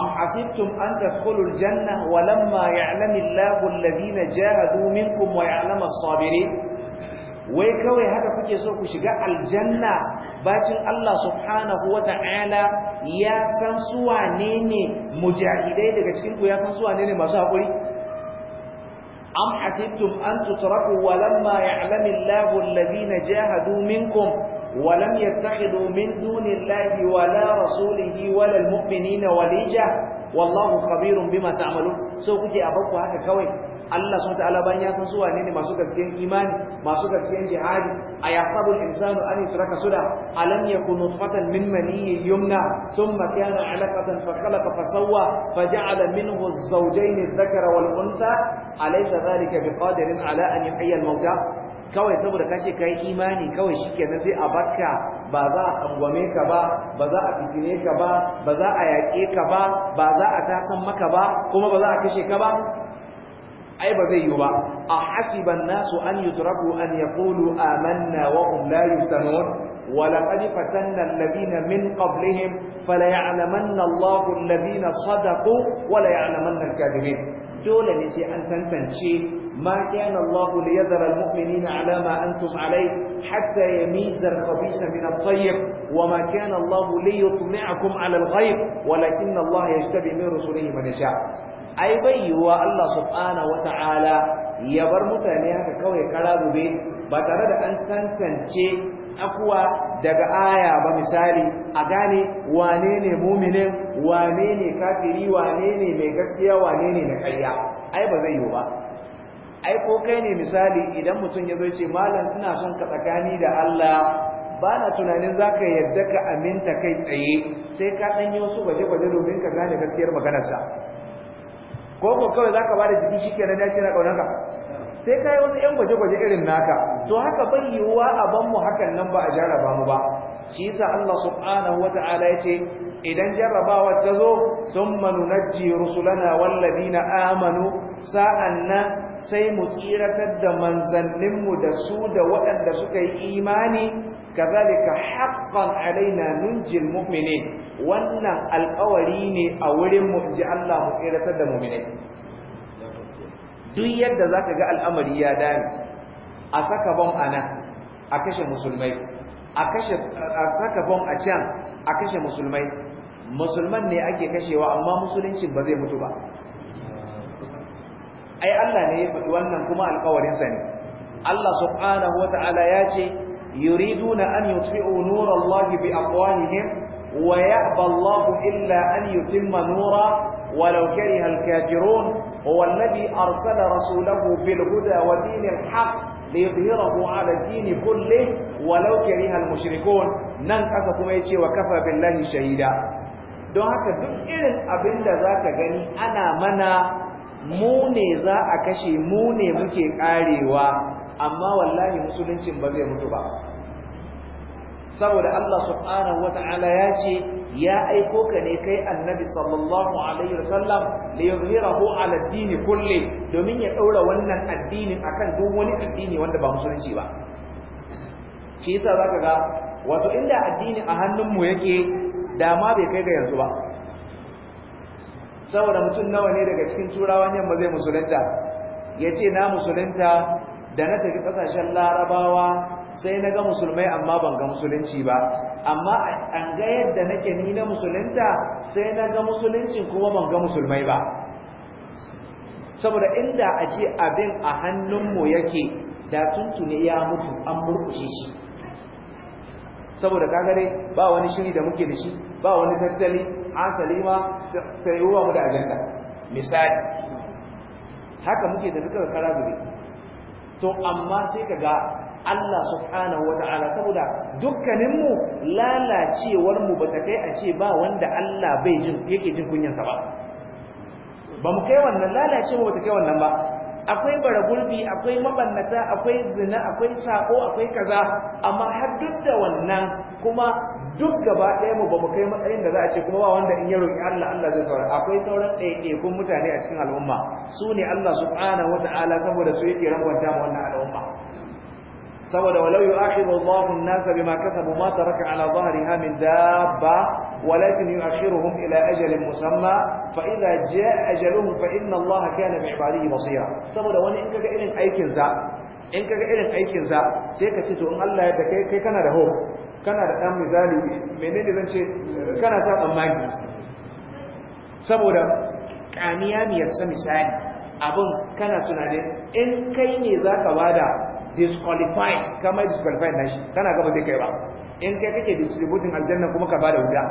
am hasibtum an tadkhulul janna wa lamma ya'lamu Allahu alladhina jahadu minkum wa ya'lamu as-sabirin wai kawai haka kuke so ku shiga aljanna bacin Allah subhanahu wa ta'ala ya san su wane ne mujahidai daga cikin ya san su wane ne masu haƙuri. am hasibtum an tutraku wa lamma ya'lamu Allahu alladhina jahadu minkum wa lam yattakhidhu min duni Allahi wa la rasulihi wa lal mu'minina walija wallahu khabirun bima ta'malun so kuke a bakku haka kawai Allah subhanahu wa ta'ala ban ya san su wane ne masu gaskiyar imani masu gaskiyar jihadi a yasabun insanu an yi tsiraka suda alam ya kunu fatan min maniyyin yumna sun makiyana alaƙatan fakalaka fasawa fa ja'ala min zaujai ne zakara wal unta alaisa zalika bi qadirin ala an yuhayyal mauta kawai saboda kace kai imani kawai shike na sai a barka ba za a kangwame ka ba ba za a fitine ka ba ba za a yaƙe ka ba ba za a tasan maka ba kuma ba za a kashe ka ba ai ba zai yi ba a hasiban nasu an yutraku an yaqulu amanna wa hum la yuftanun wa laqad fatanna alladhina min qablihim fala ya'lamanna Allahu alladhina sadaqu wa la ya'lamanna al-kadhibin dole ne sai an tantance ما كان الله ليذر المؤمنين على ما أنتم عليه حتى يميز الخبيث من الطيب وما كان الله ليطمعكم على الغيب ولكن الله يجتبي من رسله من يشاء ai bai yiwuwa Allah subhanahu wata'ala ya bar mutane haka kawai kara zube ba tare da an tantance akuwa daga aya ba misali a gane wane ne muminin wane ne kafiri wane ne mai gaskiya wane ne na ƙarya ai ba zai yiwu ba ai ko kai ne misali idan mutum ya zo ce malam ina son ka tsakani da Allah ba na tunanin za ka yadda ka aminta kai tsaye sai ka ɗanyi wasu gwaje-gwaje domin ka gane gaskiyar maganarsa ko ko kawai zaka bada jiki shikenan ya ce na ka. sai kai wasu yan gwaje-gwaje irin naka to haka bai yiwuwa a ban mu hakan nan ba a jarraba mu ba shi yasa Allah subhanahu wata'ala ya ce idan jarrabawa ta zo thumma nunajji rusulana na amanu sa'an nan, sai mu tsiratar da mu da su da waɗanda suka yi imani كذلك حقا علينا ننجي المؤمنين wannan alƙawari ne a wurin mu Allah mu tsiratar da mu'minai duk yadda zaka ga al'amari ya dame a saka bom ana a kashe musulmai a saka bom a can a kashe musulmai musulman ne ake kashewa amma musuluncin ba zai mutu ba Allah ne ya wannan kuma alƙawarinsa ne Allah subhanahu ya ce yuriduna an yutfi'u nur Allah bi afwahihim wa ya'ba Allah illa an yutimma nura walau kariha al-kafirun huwa alladhi arsala rasulahu bil huda wa dinil haqq ليظهره على الدين كله ولو كره nan aka kuma yace wa kafa billahi shahida don haka duk irin abinda da zaka gani ana mana mune za a kashe mu ne muke ƙarewa? amma wallahi musuluncin ba zai mutu ba saboda Allah subhanahu wata'ala ya ce ya aiko ka ne kai annabi sallallahu alaihi wasallam li yuzhirahu ala ad kulli domin ya daura wannan addinin akan duk wani addini wanda ba musulunci ba shi yasa zaka ga wato inda addini a hannun mu yake da ma bai kai ga yanzu ba saboda mutum nawa ne daga cikin turawan yamma zai musulunta ya ce na musulunta da na tafi kasashen larabawa sai na ga musulmai amma ban ga musulunci ba amma an ga yadda nake ni na musulunta sai na ga musuluncin kuma ban ga musulmai ba saboda inda a ce abin a hannunmu yake da tuntune ya mutu an murkushe shi saboda kagare ba wani shiri da muke da shi ba wani tattali asali ma tsayuwa mu da ajanda misali haka muke da duka kara to amma sai ka ga Allah subhanahu wata'ala saboda dukkaninmu lalacewar mu ba ta kai a ce ba wanda Allah bai jin yake jin kunyansa ba ba mu kai wannan ba ta kai wannan ba akwai baragulbi akwai mabannata akwai zina akwai sako akwai kaza amma har duk da wannan kuma duk gaba ɗaya mu ba mu kai matsayin da za a ce kuma ba wanda in ya roƙi Allah Allah zai saurara akwai sauran ɗaiɗaikun mutane a cikin al'umma su ne Allah subhanahu wa ta'ala saboda su yake rangwanta mu wannan al'umma saboda walau yu'akhiru Allahu an-nasa bima kasabu ma taraka ala dhahriha min dabba walakin yu'akhiruhum ila ajalin musamma fa idza jaa ajaluhum fa inna Allaha kana bi'ibadihi basira saboda wani in kaga irin aikin sa in kaga irin aikin sa sai ka ce to in Allah ya da kai kai kana da ho kana da dan misali menene zan ce kana sa tsammani saboda kaniya miyar sa misali abin kana tunanin in kai ne zaka bada disqualified kama disqualified shi kana gaba zai kai ba in kai kake distributing aljanna kuma ka bada wuta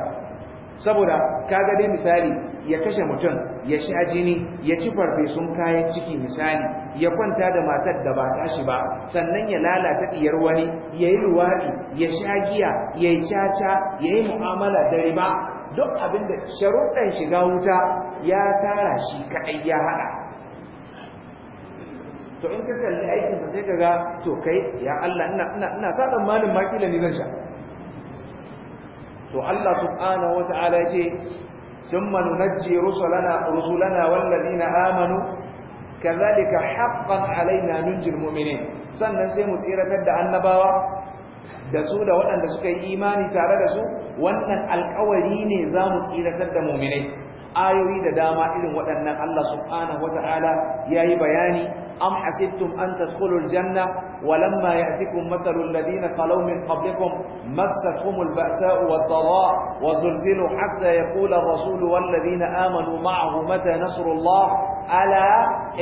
saboda ka ga dai misali ya kashe mutum ya sha jini ya ci farfesun kayan ciki misali ya kwanta da matar da ba tashi ba sannan ya lalata diyar wani ya yi luwaɗi ya sha giya ya yi caca ya yi mu'amala da riba duk abin da sharuɗan shiga wuta ya tara shi kaɗai ya haɗa to in ka kalli aikin ka sai ka ga to kai ya Allah ina ina ina sa tsammanin ma kila ni zan sha to Allah subhanahu wataala yace thumma nunajji rusulana rusulana walladina amanu kadhalika haqqan alaina nunjil mu'minin sannan sai mu tsiratar da annabawa da su da waɗanda suka yi imani tare da su wannan alƙawari ne za mu tsiratar da mu'minai ayoyi da dama irin waɗannan Allah subhanahu wataala yayi bayani أم حسبتم أن تدخلوا الجنة ولما يأتكم مثل الذين خلوا من قبلكم مستهم البأساء والضراء وزلزلوا حتى يقول الرسول والذين آمنوا معه متى نصر الله ألا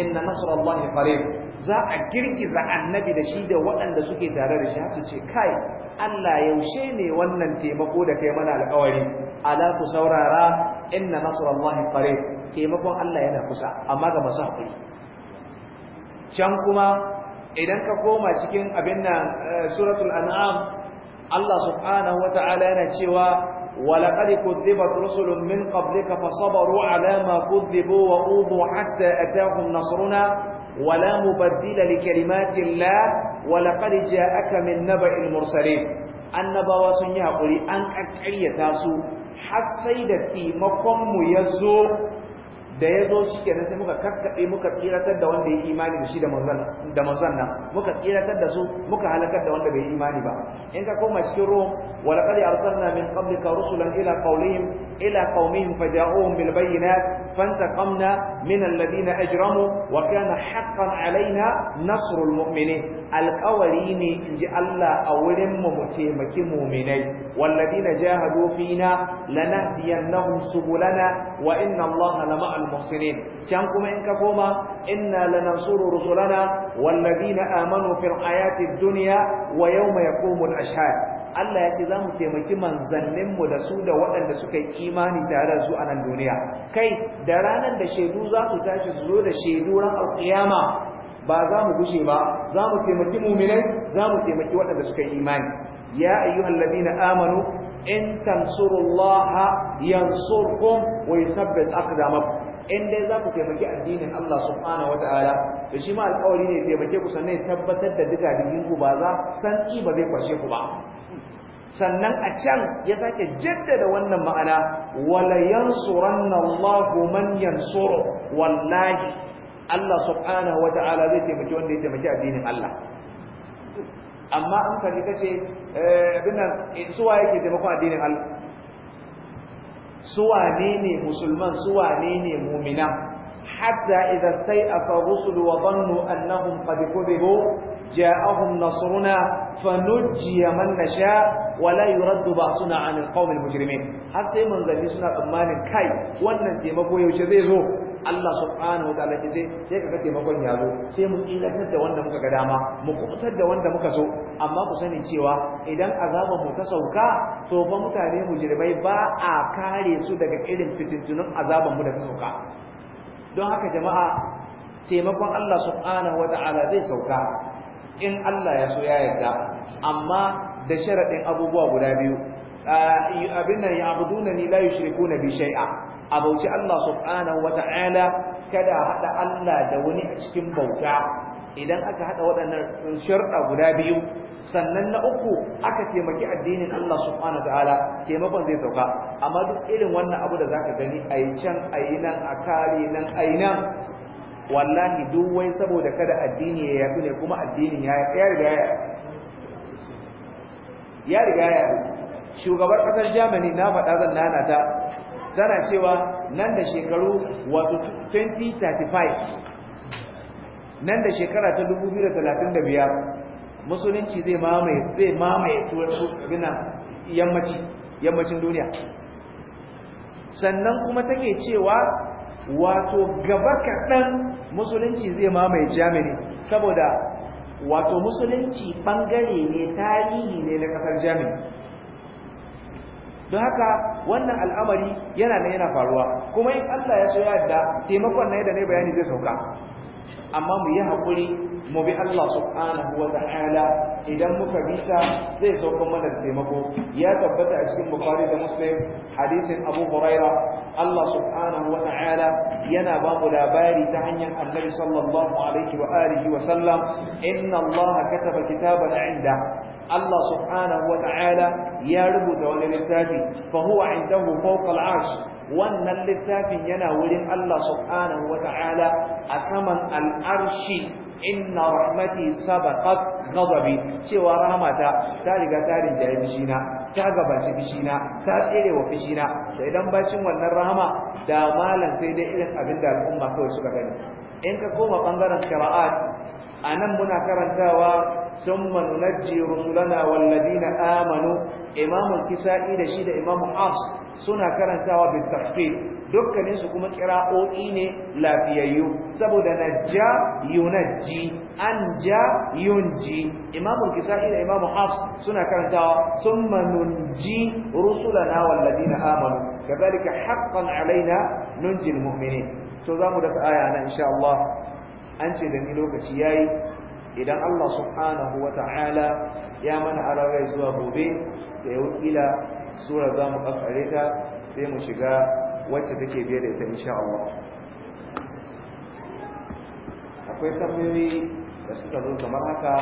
إن نصر الله قريب za a girgiza annabi da shi da waɗanda suke tare da shi har su ce kai Allah yaushe ne wannan taimako da kai mana alƙawari ala ku saurara inna nasrullahi qarib taimakon Allah yana kusa amma ga masu haƙuri can kuma idan ka koma cikin abin nan eh, suratul an'am Allah subhanahu wa ta'ala yana cewa walaqad kudzibat rusulun min qablika fasabaru ala ma kudzibu wa ubu hatta atahum nasruna wala mubaddila likalimati llah walaqad ja'aka min naba'il mursalin annabawa sun yi hakuri an kakkaryata su har sai da taimakon mu ya zo da ya zo shi kenan sai muka kakkaɓe muka tsiratar da wanda ya yi imani da shi da manzon nan muka tsiratar da su muka halakar da wanda bai yi imani ba in ka koma cikin ruwan walaƙar arsalna min qablika rusulan ila qawlihim إلى قومهم فجاءوهم بالبينات فانتقمنا من الذين أجرموا وكان حقا علينا نصر المؤمنين الأولين إن جاء الله أولم متيمك مؤمنين والذين جاهدوا فينا لنهدينهم سبلنا وإن الله لمع المحسنين شانكم إن كفوما إنا لننصر رسلنا والذين آمنوا في الحياة الدنيا ويوم يقوم الأشهاد Allah ya ce za mu taimaki manzanninmu da su da waɗanda suka yi imani tare da su a nan duniya kai da ranar da shaidu za su tashi su zo da shaidu ran alƙiyama ba za mu gushe ba za mu taimaki muminai za mu taimaki waɗanda suka yi imani ya ayyuhal ladina amanu in tansurullaha yansurkum wa yuthabbit aqdamakum in dai za ku taimaki addinin Allah subhanahu wataala to shi ma alƙawari ne taimake ku sannan tabbatar da duka digin ku ba za san ba zai kwashe ku ba sannan a can ya sake jaddada wannan ma'ana wala yansuranna Allahu man yansuru wallahi Allah subhanahu wata'ala zai taimaki wanda ya taimaki addinin Allah amma an sani kace eh, abin nan eh, suwa yake taimakon addinin Allah suwa ne ne musulman suwa ne ne mu'mina hatta idan sai asa rusulu wa dhannu annahum qad kudibu جاءهم نصرنا فنجي من نشاء ولا يرد بأسنا عن القوم المجرمين har sai manzanni suna tsammanin kai wannan taimako yaushe zai zo Allah subhanahu wa ta'ala sai sai kaga taimakon ya zo sai mu tsilatar da wanda muka ga dama mu kubutar da wanda muka zo. amma ku sani cewa idan azaban mu ta sauka to ba mutane mu mujrimai ba a kare su daga irin fitintunun azaban mu da ta sauka don haka jama'a taimakon Allah subhanahu wa ta'ala zai sauka in Allah ya so ya yarda amma da sharaɗin abubuwa guda biyu abin nan ya abuduna ni la na bi A abauci Allah subhanahu ta'ala, kada haɗa Allah da wani a cikin bauta idan aka haɗa waɗannan sharɗa guda biyu sannan na uku aka taimaki addinin Allah subhanahu ta'ala taimakon zai sauka amma duk irin wannan abu da zaka gani yi can yi nan a kare nan yi nan wallahi duk wai saboda kada addini ya yaɗu ne kuma addinin ya riga ya ya riga ya shugabar ƙasar germany na faɗa zan nana ta tana cewa nan da shekaru wato 2035 nan da shekara ta 2035 musulunci zai mamaye zai mamaye tuwar yammacin duniya sannan kuma take cewa wato gaba kaɗan musulunci zai mamaye germany saboda wato musulunci ɓangare ne tarihi ne na ƙasar Jami. don haka wannan al'amari yana nan yana faruwa kuma in allah ya so da taimakon na yadda na bayani zai sauka amma mu yi haƙuri mu bi Allah subhanahu wa ta'ala idan muka bisa zai sauka mana taimako ya tabbata a cikin bukari da muslim hadisin abu huraira Allah subhanahu wa ta'ala yana ba mu labari ta hanyar annabi sallallahu alaihi wa alihi wa sallam inna Allah kataba kitaban inda Allah subhanahu wa ta'ala ya rubuta wani littafi fa huwa indahu fawqa al wannan littafin yana wurin Allah subhanahu wa ta'ala a saman al-arshi inna rahmati sabaqat ghadabi cewa rahmata ta riga ta rinjaye na ta gabaci fishina ta tsere wa fishina sai idan bacin wannan rahama da malam sai dai irin abin da al'umma kawai suka gani in ka koma bangaren a nan muna karantawa sun nunajji rusulana wal ladina amanu imamul kisa'i da shi da imamu As. suna karantawa bil tahqiq dukkanin su kuma qira'o'i ne lafiyayyu saboda najja yunajji anja yunji imamu kisai da imamu hafs suna karantawa thumma nunji rusulana wal ladina amanu kadhalika haqqan alaina nunjil mu'minin to zamu da aya na insha Allah an ce da ni lokaci yayi idan Allah subhanahu wa ta'ala ya mana alawai zuwa gobe da yau ila sura za mu kafare ta sai mu shiga wacce take biye da ita insha Allah akwai tambayoyi da suka zo kamar haka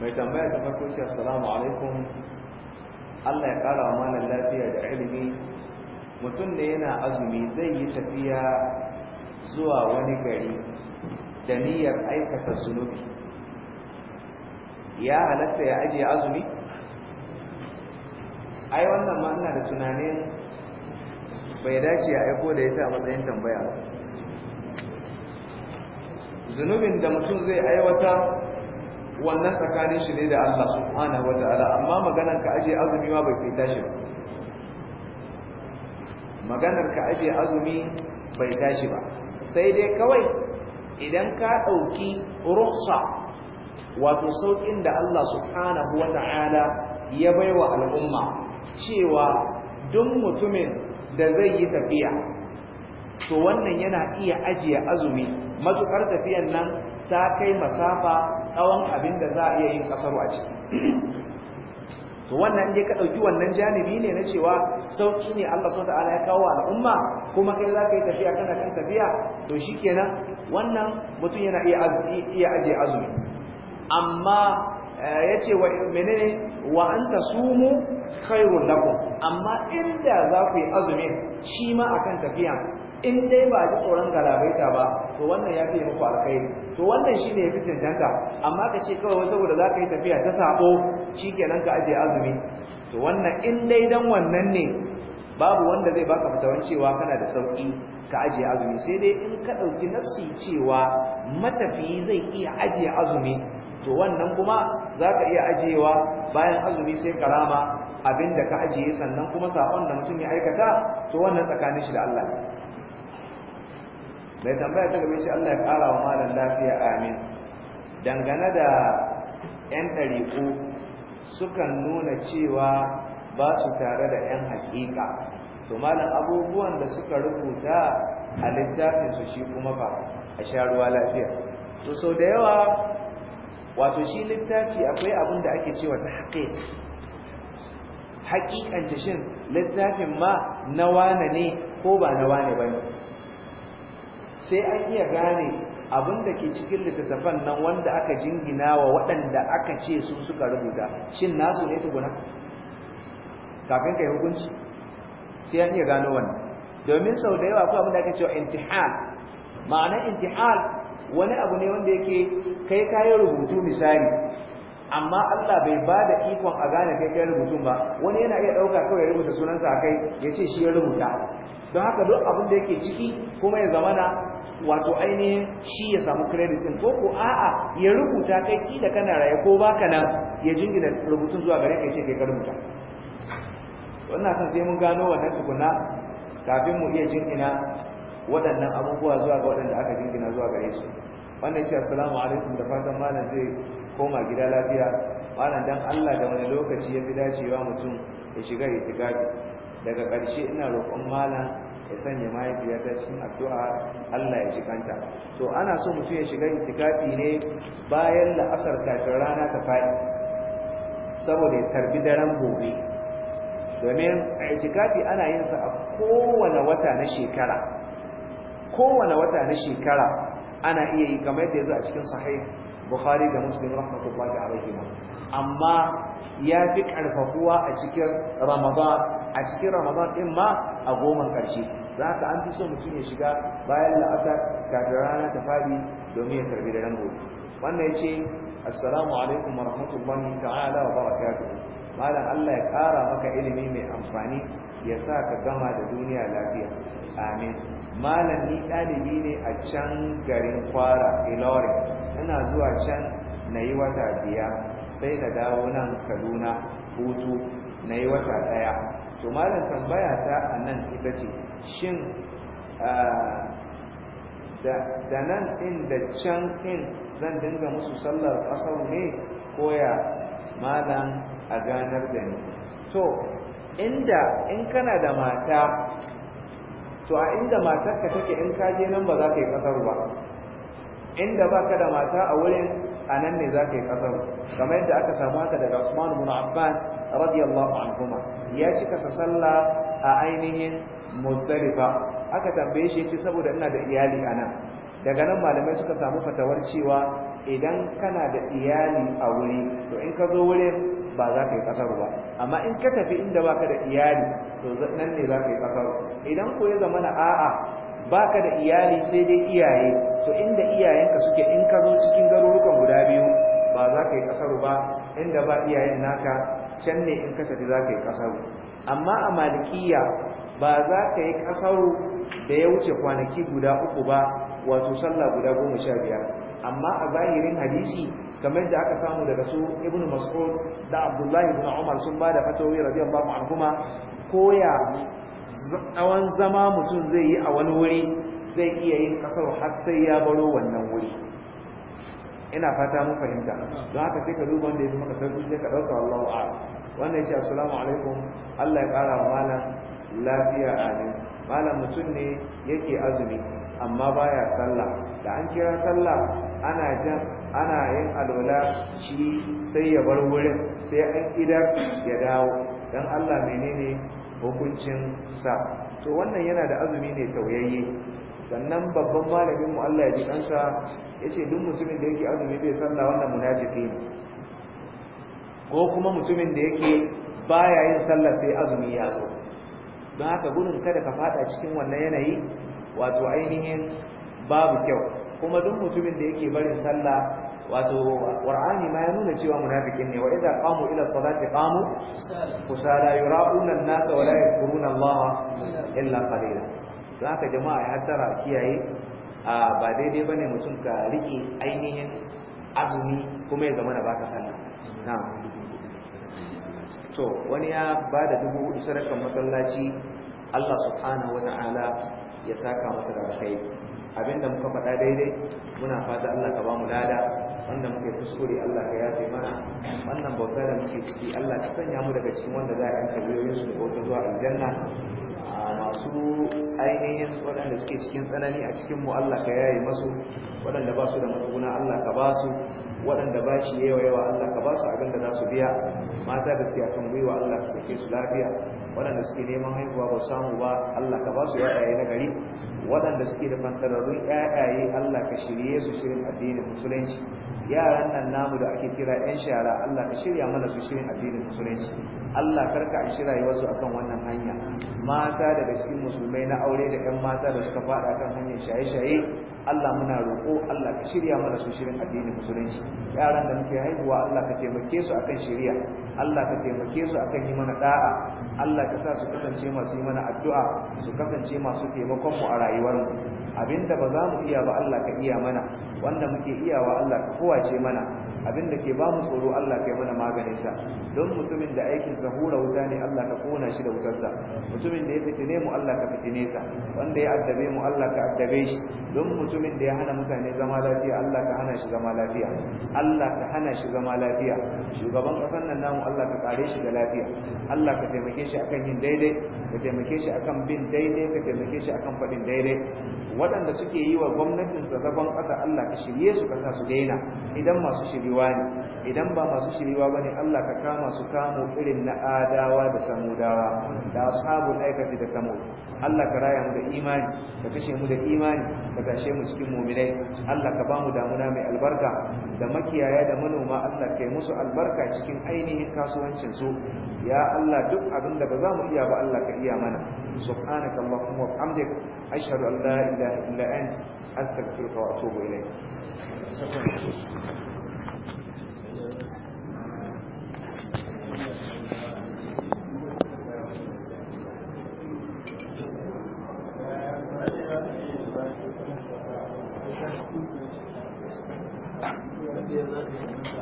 mai tambaya ta farko shi assalamu alaikum Allah ya kara wa malam lafiya da ilimi mutum da yana azumi zai yi tafiya zuwa wani gari da niyyar aikata zunubi ya halatta ya ajiye azumi ai wannan ma ina da tunanin bai dace ya aiko da ita a matsayin tambaya zunubin da mutum zai aiwata wannan tsakanin shi ne da Allah subhanahu wa ta'ala amma maganar ka aje azumi ma bai fita shi ba maganar ka aje azumi bai tashi ba sai dai kawai idan ka ɗauki ruksa, wato sauƙin da Allah subhanahu wa ta'ala ya baiwa al'umma cewa duk mutumin da zai yi tafiya to wannan yana iya ajiye azumi matuƙar tafiyan nan ta kai masafa tsawon abin da za a iya yin ƙasar a ciki to wannan dai ka dauki wannan janibi ne na cewa sauki ne Allah subhanahu ta'ala ya kawo al'umma kuma kai zaka yi tafiya kana kan tafiya to shikenan wannan mutum yana iya iya aje azumi amma eh, yace wa menene wa anta sumu khairun lakum amma inda za ku yi azumi shi ma akan tafiya in dai ba ji tsoron galabaita ba to wannan ya fiye muku alkhairi to wannan shine yafi cancanta amma ka ce kawai saboda za ka yi tafiya ta sabo shikenan ka ajiye azumi to wannan in dai dan wannan ne babu wanda zai baka fatawan cewa kana da sauki ka ajiye azumi sai dai in ka dauki nassi cewa matafiyi zai iya ajiye azumi to wannan kuma zaka iya ajiyewa bayan azumi sai karama abinda ka ajiye sannan kuma sakon da mutum ya aikata to wannan tsakanin shi da Allah mai tambaya ta gabe shi Allah ya kara wa malam lafiya amin dangane da yan ɗariƙo sukan nuna cewa ba su tare da 'yan haƙiƙa to malam abubuwan da suka rubuta a littafin su shi kuma ba a sha ruwa lafiya to sau da yawa wato shi littafi akwai abin da ake cewa ta haƙe. haƙiƙanta shin littafin ma na wane ne ko ba na wane ba ne sai an iya gane abin da ke cikin littattafan nan wanda aka jingina wa waɗanda aka ce su suka rubuta shin nasu ne tukuna kafin ka yi hukunci sai an iya gano wannan domin sau da yawa ko abin da aka cewa intihal Ma'ana intihal wani abu ne wanda yake kai kayan rubutu misali amma Allah bai ba da ikon a gane kai kai rubutu ba wani yana iya ɗauka kawai ya rubuta sunansa a kai ya ce shi ya rubuta don haka duk abin da yake ciki kuma ya zamana wato ainihin shi ya samu credit din ko ko a'a ya rubuta kai kila kana raye ko baka nan ya jingina rubutun zuwa gare ka ce kai ka rubuta wannan kan sai mun gano wannan tukuna kafin mu iya jingina waɗannan abubuwa zuwa ga waɗanda aka jingina zuwa gare su wannan ce assalamu alaikum da fatan malam zai koma gida lafiya malam dan Allah da wani lokaci ya fi dacewa mutum ya shiga itikafi daga ƙarshe ina roƙon malam ya sanya mahaifiyarta cikin addu'a Allah ya jikanta to ana so mutum ya shiga itikafi ne bayan la'asar kafin rana ta faɗi saboda ya tarbi daren gobe domin a itikafi ana yin sa a kowane wata na shekara kowane wata na shekara ana iya yi kamar yadda ya a cikin sahih bukhari da muslim rahmatullahi alaihima amma ya fi karfafuwa a cikin ramadan a cikin ramadan din ma a goman karshe za ka an fi so mutum ya shiga bayan la'asar kafin rana ta fadi domin ya karbi da yan gobe wannan ya ce assalamu alaikum wa rahmatullahi ta'ala wa barakatuhu malam Allah ya kara maka ilimi mai amfani ya sa ka gama da duniya lafiya amin malam ni ɗalibi ne a can garin kwara ilori ina zuwa can na yi wata biya, sai na dawo nan kaduna hutu na yi wata ɗaya to malam tambaya ta a nan ita ce shin da nan ɗin da can in zan dinga musu sallar ƙasar ne koya malam a ganar da ni to inda in kana da mata to a inda matarka take in ka je nan ba za ka yi ƙasar ba inda ba ka da mata a wurin a nan ne za ka yi ƙasar kamar yadda aka samu haka daga Usman ibn Affan radiyallahu anhuma ya cika kasa sallah a ainihin mustarifa aka tambaye shi yace saboda ina da iyali anan daga nan malamai suka samu fatawar cewa idan kana da iyali a wuri to in ka zo wurin ba za ka yi kasar ba amma in ka tafi inda baka da iyali to nan ne za ka yi kasar idan ko ya zama na a'a baka da iyali sai dai iyaye to inda iyayenka suke in ka zo cikin garurukan guda biyu ba za ka yi kasar ba inda ba iyayen naka can ne in ka tafi za ka yi kasar amma a malikiya ba za ka yi kasaru da ya wuce kwanaki guda uku ba wato sallah guda goma sha biyar amma a zahirin hadisi kamar da aka samu daga su Ibn mas'ud da abdullahi ibn umar sun ba da fatawi radiyallahu anhuma koya tsawon zama mutum zai yi a wani wuri zai iya yin kasar har sai ya baro wannan wuri ina fata mun fahimta don haka sai ka duba wanda ya fi maka sauki sai ka ɗauka a'lam wannan shi, asalamu alaikum Allah ya ƙara wa malam lafiya amin malam mutum ne yake azumi amma baya sallah da an kira sallah ana jan ana yin alwala shi sai ya bar wurin sai an idar ya dawo dan Allah menene hukuncin sa to wannan yana da azumi ne tauyayye sannan babban malamin mu Allah ya ji kansa yace duk mutumin da yake azumi bai sallah wannan munafiki ne ko kuma mutumin da yake baya yin sallah sai azumi ya zo don haka gudun kada ka fada cikin wannan yanayi wato ainihin babu kyau kuma duk mutumin da yake barin sallah wato qur'ani ma ya nuna cewa munafikin ne wa idza qamu ila salati qamu kusala yura'una an-nas wa la yadhkuruna Allah illa qalila don haka jama'a ya hattara kiyaye a ba daidai bane mutum ka rike ainihin azumi kuma ya zama na baka sallah na'am to wani ya ba da dubu hudu sadakan masallaci Allah subhanahu wata'ala ya saka masa da kai abinda muka faɗa daidai muna fata Allah ka ba mu lada wanda muke kuskure Allah ka yafe mana wannan bauta da muke ciki Allah ka sanya mu daga cikin wanda za a yanka biyoyin su ko ta zuwa aljanna masu ainihin waɗanda suke cikin tsanani a cikin mu Allah ka yaye masu waɗanda ba su da matsuguna Allah ka ba su waɗanda ba shi yawa yawa Allah ka ba su abin da za su biya mata da suke kan gwiwa Allah ka sake su lafiya waɗanda suke neman haihuwa ba samu ba Allah ka ba su yayaye na gari waɗanda suke da fantararrun yayaye Allah ka shirye su shirin addinin musulunci yaran nan namu da ake kira yan shara Allah ka shirya mana su shirin addinin musulunci Allah karka a shirya wasu akan wannan hanya mata daga cikin musulmai na aure da ƴan mata da suka faɗa kan hanyar shaye-shaye Allah muna roƙo Allah ka shirya mana su shirin addinin musulunci yaran da muke haihuwa Allah ka taimake su akan shari'a Allah ka taimake su akan yi mana da'a Allah ka sa su kasance masu yi mana addu'a su kasance masu taimakon mu a rayuwar mu abinda ba za mu iya ba Allah ka iya mana wanda muke iyawa Allah ka kowace mana abin da ke ba mu tsoro Allah kai mana maganin sa don mutumin da aikin sa hura wuta ne Allah ka kona shi da wutar sa mutumin da ya fitine mu Allah ka fitine sa wanda ya addabe mu Allah ka addabe shi don mutumin da ya hana mutane zama lafiya Allah ka hana shi zama lafiya Allah ka hana shi zama lafiya shugaban kasar nan namu Allah ka kare shi da lafiya Allah ka taimake shi akan yin daidai ka taimake shi akan bin daidai ka taimake shi akan faɗin daidai waɗanda suke yi wa gwamnatin zagon ƙasa Allah ka shirye su ka su daina idan masu shiriwa ne idan ba masu shiriwa ne, Allah ka kama su kamo irin na adawa da samudawa da ashabul aikati da samud Allah ka raya mu da imani ka kashe mu da imani ka tashe mu cikin mu'minai Allah ka ba mu damuna mai albarka da makiyaya da manoma Allah ka yi musu albarka cikin ainihin kasuwancin su ya Allah duk abin da ba za mu iya ba Allah ka iya mana subhanakallahumma wa bihamdika أشهد أن لا إله إلا أنت أستغفرك وأتوب إليك Thank you.